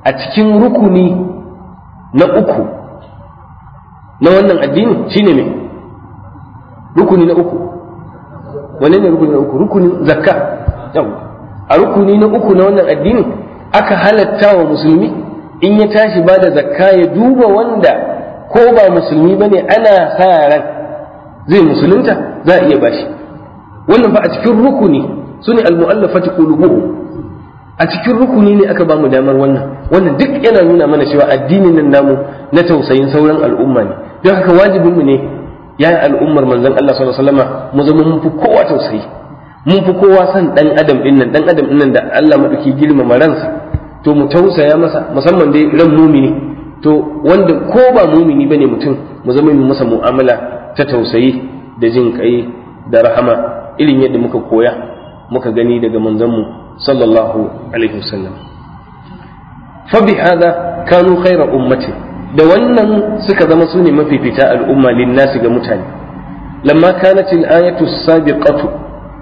a cikin rukuni na uku na wannan addini shine mai, rukuni na uku wane ne rukuni na uku rukunin zakka yawa a rukuni na uku na wannan addini aka halatta wa musulmi in ya tashi ba da zakka ya duba wanda ko ba musulmi ba ne ana sa ran zai musulunta za a iya bashi wannan fa a cikin rukuni su ne almu'allafati qulubuhum a cikin rukuni ne aka bamu damar wannan wannan duk yana nuna mana cewa addinin nan namu na tausayin sauran al'umma ne don haka wajibin mu ne ya al'ummar manzon Allah sallallahu alaihi wasallam mu zama mun fi kowa tausayi mun fi kowa san dan adam din nan dan adam din nan da Allah madauki girmama ransa to mu tausaya masa musamman dai ran mumini to wanda ko ba mumini bane mutum mu zama mu masa mu'amala ta tausayi da jin kai da rahama irin yadda muka koya muka gani daga manzon mu صلى الله عليه وسلم فبهذا كانوا خير أمة da wannan suka zama su ne mafifita al'umma linnasi ga mutane lamma kanat al-ayatu sabiqatu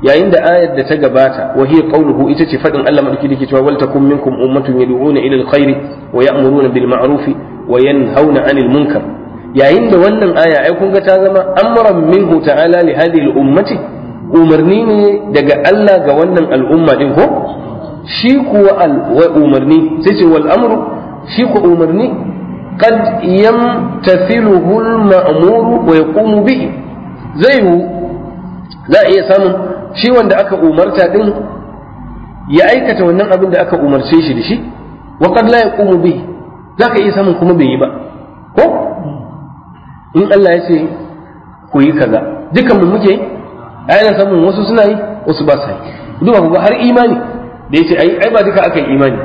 yayin da ayar da ta gabata wa hiya qawluhu ita ce fadin Allah madaki dake cewa wal takum minkum ummatun yad'una ila al-khairi wa ya'muruna bil ma'ruf wa yanhauna 'anil munkar yayin da wannan aya ai kun ga ta zama amran minhu ta'ala li hadhihi al-ummati umarni ne daga Allah ga wannan al'umma din ko shi kuwa umarni sai ce wal amru shi ku umarni qad tasiluhu al ma'muru wa yaqumu bi zai za a iya samun shi wanda aka umarta din ya aikata wannan abin da aka umarce shi da shi wa qad la yaqumu bi? za ka iya samun kuma bai yi ba ko in Allah ya ce ku yi kaza dukan mu muke ai ana samun wasu suna yi wasu ba su yi ba ku har imani da yace ai ai ba duka akan imani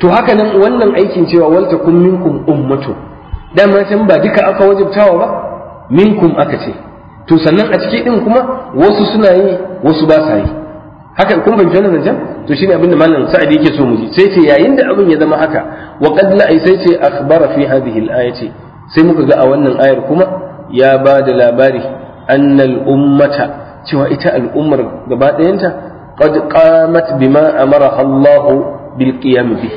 to haka nan wannan aikin cewa walta kun minkum ummatu dan ma san ba duka aka wajibtawa ba minkum aka ce to sannan a ciki din kuma wasu suna yi wasu ba sa yi haka kun fahimci wannan zancen to shine abinda mallan malam sa'adi yake so mu ji sai ce yayin da abin ya zama haka wa qad la sai ce akhbara fi hadhihi al-ayati sai muka ga a wannan ayar kuma ya ba da labari annal ummata cewa ita al'ummar gaba ɗayanta qad qamat bima amara Allah bil qiyam bi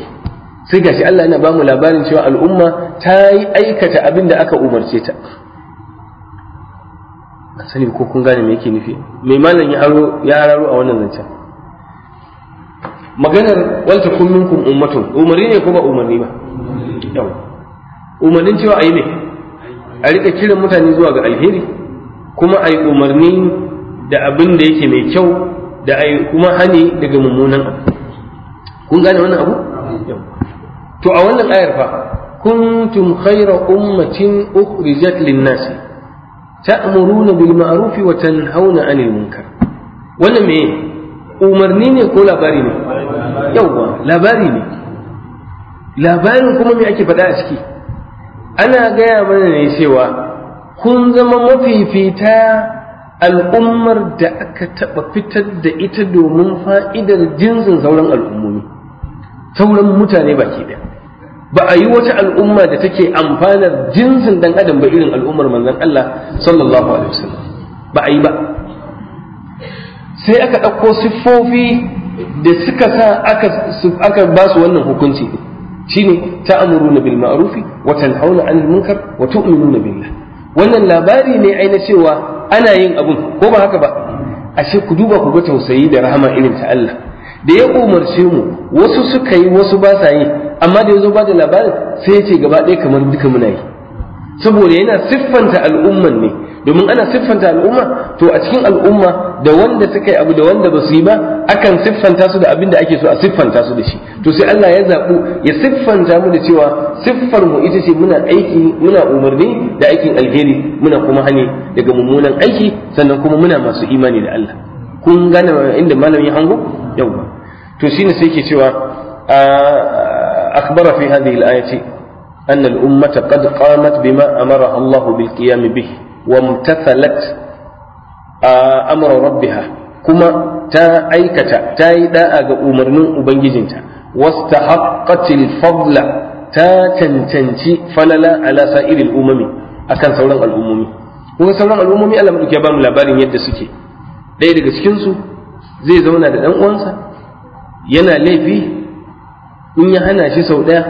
sai gashi Allah yana bamu labarin cewa al'umma ta yi aikata abin da aka umarce ta an sani ko kun gane me yake nufi mai malam ya aro ya hararo a wannan zancen maganar walta kun minkum ummatun umarni ne ko ba umarni ba yau umarnin cewa ayi ne a rika kiran mutane zuwa ga alheri kuma yi umarni da abin da yake mai kyau da kuma hani daga mummunan abu kun gane wannan abu to a wannan ayar fa kuntum khayra ummatin ukhrijat lin-nasi ta'muruna bil ma'ruf wa tanhauna 'anil munkar wannan me umarni ne ko labari ne yawwa labari ne labarin kuma me ake faɗa a ciki ana gaya mana ne cewa kun zama mafifita al'ummar da aka taɓa fitar da ita domin fa'idar jinsin sauran al'ummomi sauran mutane baki ɗaya ba a yi wata al'umma da take amfanar jinsin ɗan adam ba irin al'ummar manzon Allah sallallahu alaihi wasallam ba a yi ba sai aka ɗauko siffofi da suka sa aka ba su wannan hukunci shine ta ta'muruna bil ma'rufi wa tanhauna 'anil munkar wa tu'minuna billah wannan labari ne ai na cewa ana yin abun ko ba haka ba ashe ku duba ku ga tausayi da rahama irin ta Allah da ya umarce mu wasu suka yi wasu ba sa yi amma da ya zo ba da labarin sai ya ce gaba ɗaya kamar duka muna yi saboda yana siffanta al'umman ne domin ana siffanta al'umma to a cikin al'umma da wanda suka yi abu da wanda ba su yi ba akan siffanta su da abin da ake so a siffanta su da shi to sai Allah ya zaɓu ya siffanta mu da cewa siffar mu ita ce muna aiki muna umarni da aikin alheri muna kuma hani daga mummunan aiki sannan kuma muna masu imani da Allah kun gane inda malamin hango yauwa to shine sai ke cewa akbara fi hadhihi al-ayati أن الأمة قد قامت بما أمرها الله بالقيام به wa mutafalat amra rabbiha kuma ta aikata ta yi da'a ga umarnin ubangijinta wastahaqqatil fadla ta cancanci falala ala sa'iril umami akan sauran al'ummomi kuma sauran al'ummomi Allah ya ba mu labarin yadda suke ɗaya daga cikin su zai zauna da ɗan uwansa yana laifi in ya hana shi sau ɗaya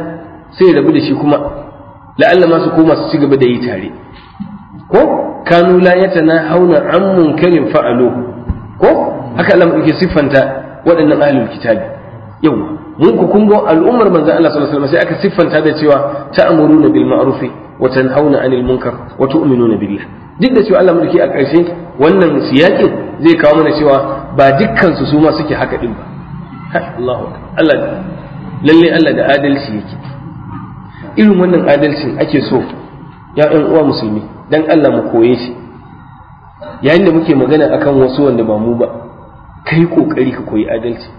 sai ya rabu da shi kuma la'alla ma su koma su ci gaba da yi tare ko kanu la hauna an munkarin fa'alu ko haka Allah yake siffanta waɗannan ahlul kitabi Yau, mun ku kun ga al'ummar manzo Allah sallallahu alaihi wasallam sai aka siffanta da cewa ta'muruna bil ma'ruf wa tanhauna 'anil munkar wa tu'minuna billah duk da cewa Allah mulki a ƙarshe wannan siyaƙin zai kawo mana cewa ba dukkan su su ma suke haka din ba Allahu Allah lalle Allah da adalci yake irin wannan adalcin ake so ya uwa musulmi dan Allah mu koye shi yayin da muke magana akan wasu wanda ba mu ba kai kokari ka koyi adalci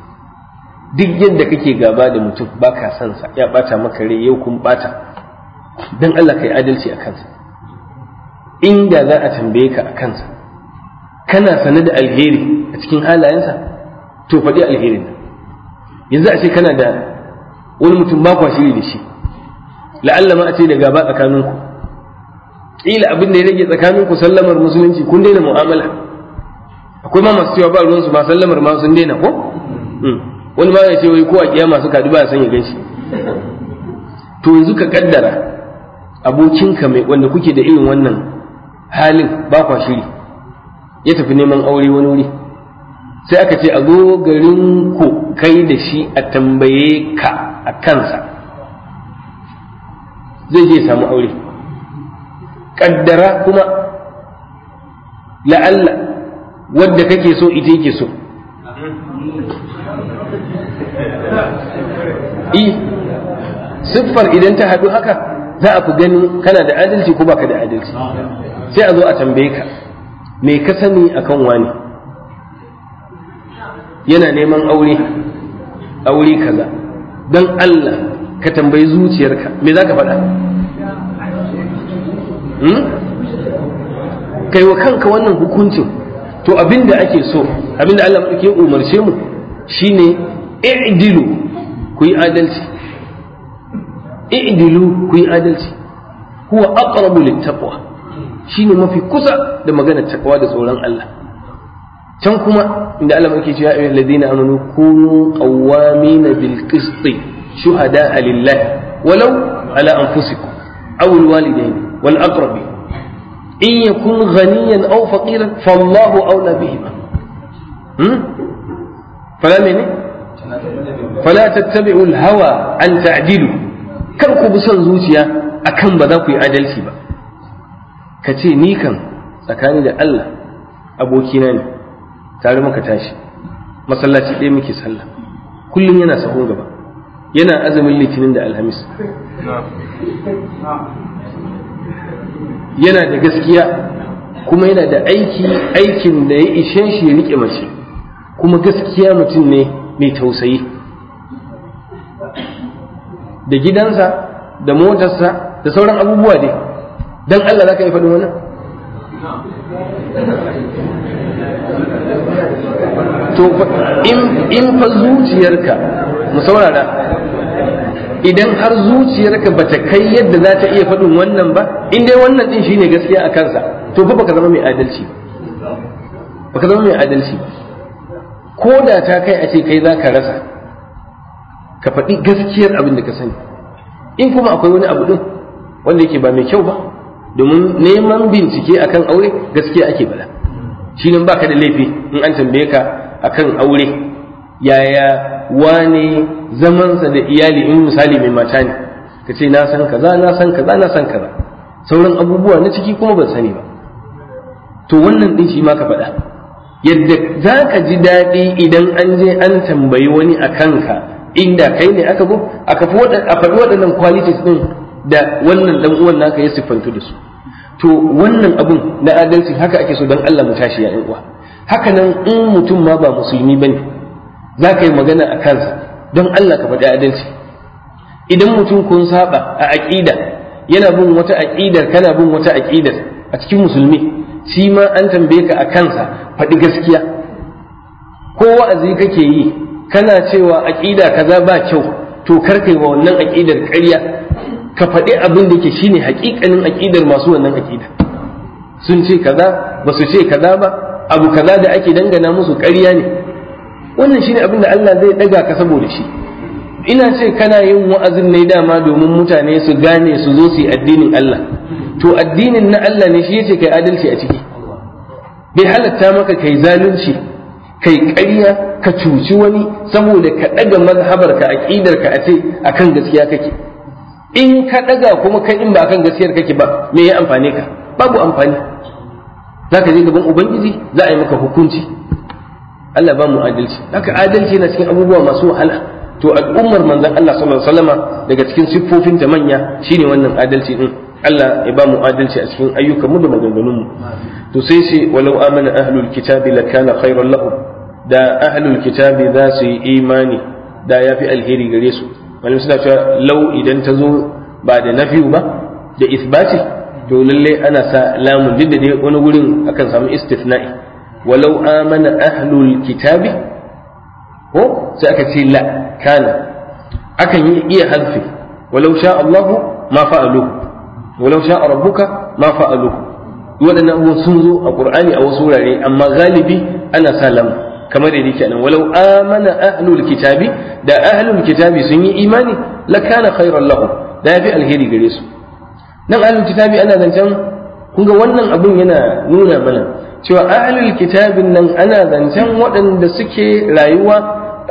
duk yadda kake gaba da mutum ba ka san sa ya bata maka rai yau kun bata dan Allah kai adalci a kansa inda za a tambaye ka a kansa kana sane da alheri a cikin halayensa to faɗi alherin nan yanzu a ce kana da wani mutum ba kwa da shi la'alla ma a ce da gaba tsakaninku kila abin da ya rage tsakanin ku sallamar musulunci kun daina mu'amala akwai ma masu cewa ba ruwan su ba sallamar ma sun daina ko hmm. wani ma ya ce wai ko a kiyama suka ba ya san ya gaishe to yanzu ka kaddara abokinka mai wanda kuke da irin wannan halin ba kwa shiri ya tafi neman aure wani wuri sai aka ce a zo garin ku kai da shi a tambaye ka a kansa zai je samu aure kaddara kuma la'alla wadda kake so ita yake so i siffar idan ta haɗu haka za a fi gani kana da adalci ko baka da adalci sai a zo a tambaye ka me ka sani akan wani yana neman aure aure kaza don Allah ka tambayi zuciyarka me za ka faɗa Hmm? kai wa kanka wannan hukuncin to abinda ake so abinda Allah ke umarce mu shine i'dilu ku yi adalci i'dilu ku yi adalci huwa aqrabu littaqwa shine mafi kusa da magana takwa da tsoron Allah can kuma inda Allah yake cewa ayyuhal ladina amanu kunu qawwamina bil qisti shuhada lillahi walau ala anfusikum aw al والأقرب إن يكون غنيا أو فقيرا فالله أولى بهما فلا مني فلا تتبعوا الهوى أن تعدلوا كم كبسان زوتيا أكم بذاكو يعدل سيبا كتي نيكا سكاني دا ألا أبو كيناني تعلم كتاشي ما صلاتي إيه ميكي صلى كل ينا سهون جبا ينا أزم اللي تنين دا الهمس نعم. yana da gaskiya kuma yana da aiki aikin da ya ishe shi ya riƙe mace kuma gaskiya mutum ne mai tausayi da gidansa da motarsa da sauran abubuwa dai don Allah za ka yi faɗin wannan to in fa zuciyarka mu saurara idan har zuciyarka ba ta kai yadda za ta iya faɗin wannan ba in dai wannan din shine gaskiya a kansa to fa baka zama mai adalci baka zama mai adalci ko da ta kai a ce kai za ka rasa ka faɗi gaskiyar abin da ka sani in kuma akwai wani abu ɗin wanda yake ba mai kyau ba domin neman bincike akan aure gaskiya ake bala shi nan baka da laifi in an tambaye ka akan aure yaya wane zamansa da iyali in misali mai mata ne ka ce na san kaza na san kaza na san kaza sauran abubuwa na ciki kuma ban sani ba to wannan din shi ma ka faɗa yadda za ka ji daɗi idan an je an tambayi wani a kanka inda kai ne aka go aka faɗi waɗannan qualities ɗin da wannan dan uwan naka ya siffantu da su to wannan abun na adalci haka ake so don Allah mu tashi ya uwa haka nan in mutum ma ba musulmi bane za ka yi magana a kansa don Allah ka faɗi adalci idan mutum kun saba a aƙida yana bin wata aƙidar kana bin wata aƙidar a cikin musulmi shi ma an tambaye ka a kansa faɗi gaskiya ko wa'azi kake yi kana cewa aƙida kaza ba kyau to kar yi wa wannan aƙidar ƙarya ka faɗi abin da ke shine haƙiƙanin aƙidar masu wannan aƙida sun ce kaza ba su ce kaza ba abu kaza da ake dangana musu ƙarya ne wannan shine abin da Allah zai ɗaga ka saboda shi ina ce kana yin wa'azin ne dama domin mutane su gane su zo su yi addinin Allah to addinin na Allah ne shi yace kai adalci a ciki bai halatta maka kai zalunci kai ƙarya ka cuci wani saboda ka daga mazhabar ka aqidar ka a ce akan gaskiya kake in ka daga kuma kai in ba akan gaskiyar kake ba me ya amfane ka babu amfani zaka je gaban ubangiji za a yi maka hukunci Allah ba mu adalci haka adalci yana cikin abubuwa masu wahala to al'ummar manzon Allah sallallahu alaihi wasallama daga cikin siffofin ta manya shine wannan adalci din Allah ya ba mu adalci a cikin ayyukan mu da maganganun mu to sai sai walau amana ahlul kitabi lakana khairan lahum da ahlul kitabi za su yi imani da yafi alheri gare su malamin suna cewa lau idan ta zo ba da nafiyu ba da isbati to lalle ana sa lamun duk da dai wani gurin akan samu istisna'i walau amana ahlul ko sai aka ce la akan yi iya hadfi walau sha Allahu ma fa'aluhu walau sha rabbuka ma fa'aluhu waɗannan abubuwan sun zo a Qur'ani a wasu wurare amma galibi ana sa lamu kamar da yake nan walau amana ahlul kitabi da ahlul kitabi sun yi imani lakana kana khairan lahum da yafi alheri gare su nan ana zancen kun wannan abun yana nuna mana cewa ahlul kitabin nan ana zancen waɗanda suke rayuwa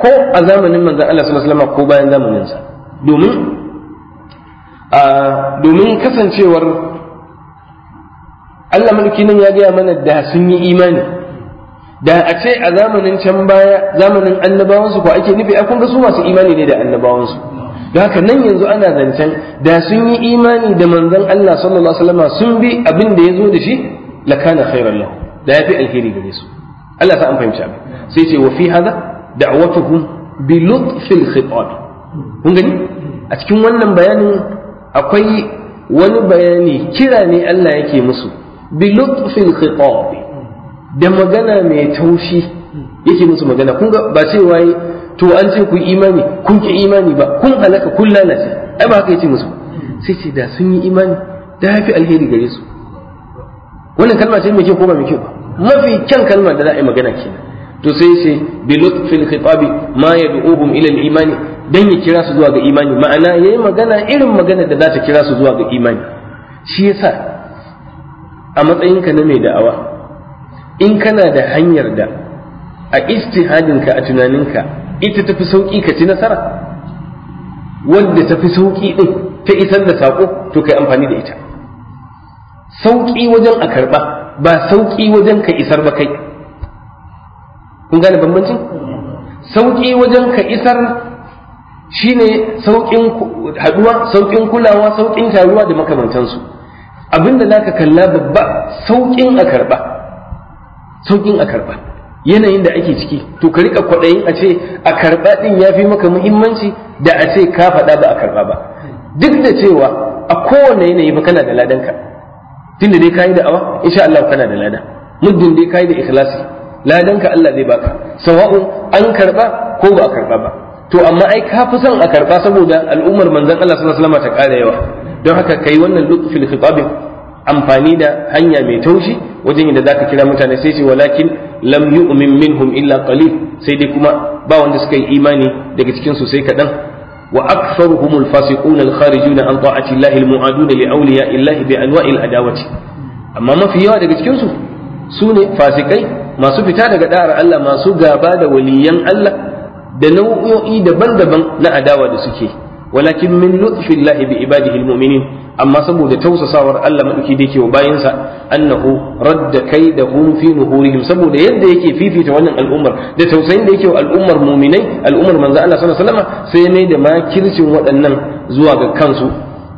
ko a zamanin manzon Allah sallallahu alaihi wasallam ko bayan zamaninsa domin a domin kasancewar Allah mulki nan ya gaya mana da sun yi imani da a ce a zamanin can baya zamanin annabawansu ko ake nufi a kun ga su masu imani ne da annabawansu da haka nan yanzu ana zancen da sun yi imani da manzon Allah sallallahu alaihi wasallam sun bi abin da ya zo da shi lakana khairan lahu da ya fi alheri gare su Allah sa an fahimci abin sai ce wa fi hada da'watuhum bi lutfil khitab kun gani a cikin wannan bayanin akwai wani bayani kira ne Allah yake musu bi lutfil khitab da magana mai taushi yake musu magana kun ga ba cewa to an ce ku imani kun ki imani ba kun halaka kun lalace ai ba haka yace musu sai ce da sun yi imani da ya fi alheri gare su wannan kalma ce mai kyau ko ba mai kyau ba mafi kyan kalmar da za a yi magana ke, to sai ce bi lutfil khitabi ma yad'uhum ila al-imani dan ya kira su zuwa ga imani ma'ana yayi magana irin magana da za ta kira su zuwa ga imani shi yasa a matsayinka na mai da'awa in kana da hanyar da a istihadin ka a tunanin ka ita ta fi sauki ka ci nasara wanda fi sauki din ta isar da sako to kai amfani da ita sauki wajen a karba ba sauƙi wajen ka isar ba kai kun gane bambancin sauƙi wajen ka isar shine sauƙin haɗuwa sauƙin kulawa sauƙin taruwa da makamantansu abinda zaka ka kalla babba sauƙin a karɓa sauƙin a karɓa yanayin da ake ciki to ka riƙa kwaɗayin a ce a karɓa ɗin ya fi maka muhimmanci da a ce ka faɗa ba a karɓa ba duk da cewa a kowane yanayi ba kana da ladanka da dai kayi awa insha Allah kana da lada muddin dai kayi da ikhlasi ladan ka Allah zai baka sawa'un an karba ko ba a karba ba to amma ai ka fi son a karba saboda al'ummar manzon Allah sallallahu alaihi wasallam ta kare yawa don haka kai wannan lutfil khitab amfani da hanya mai taushi wajen yadda zaka kira mutane sai ce walakin lam yu'min minhum illa qalil sai dai kuma ba wanda suka yi imani daga cikin su sai kaɗan وأكثرهم الفاسقون الخارجون عن طاعة الله المعادون لأولياء الله بأنواع الأداوة أما ما في يوادك تكنسو سوني فاسقين ما سو فتاة قدار الله ما سو قابادة وليا الله دنوء إيدا بندبا نأداوة سكي ولكن من لطف الله بعباده المؤمنين amma saboda tausasawar Allah madauki da yake wa bayansa annahu radda kaidahum fi nuhurihim saboda yadda yake fifita wannan al'ummar da tausayin da yake wa al'ummar muminai al'ummar manzo Allah sallallahu alaihi wasallam sai ne da makircin waɗannan zuwa ga kansu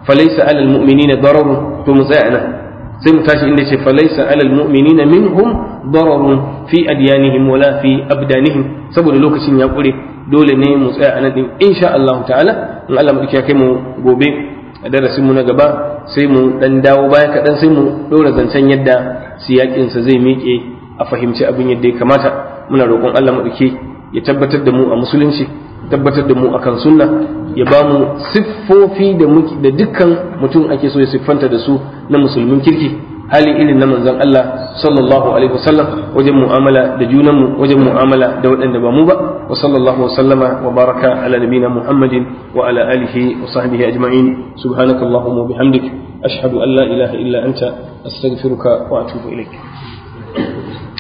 falaysa alal mu'minina dararun to mu tsaya sai mu tashi inda ce falaysa alal mu'minina minhum dararun fi adyanihim wala fi abdanihim saboda lokacin ya kure dole ne mu tsaya anan din insha Allah ta'ala in Allah madauki ya kai mu gobe a darasin mu na gaba sai mu dan dawo baya kaɗan sai mu ɗora zancen yadda siyaƙinsa zai miƙe a fahimci abin yadda ya kamata muna roƙon Allah maɗauki ya tabbatar da mu a musulunci tabbatar da mu akan sunna ya ba mu siffofi da dukkan mutum ake so ya siffanta da su na musulmin kirki hali irin na manzon Allah sallallahu alaihi wasallam wajen mu'amala da junanmu wajen mu'amala da waɗanda ba mu ba wa sallallahu wa sallama wa baraka ala nabina muhammadin wa ala alihi wa sahbihi ajma'in subhanakallahumma wa bihamdik ashhadu an la ilaha illa anta astaghfiruka wa atubu ilaik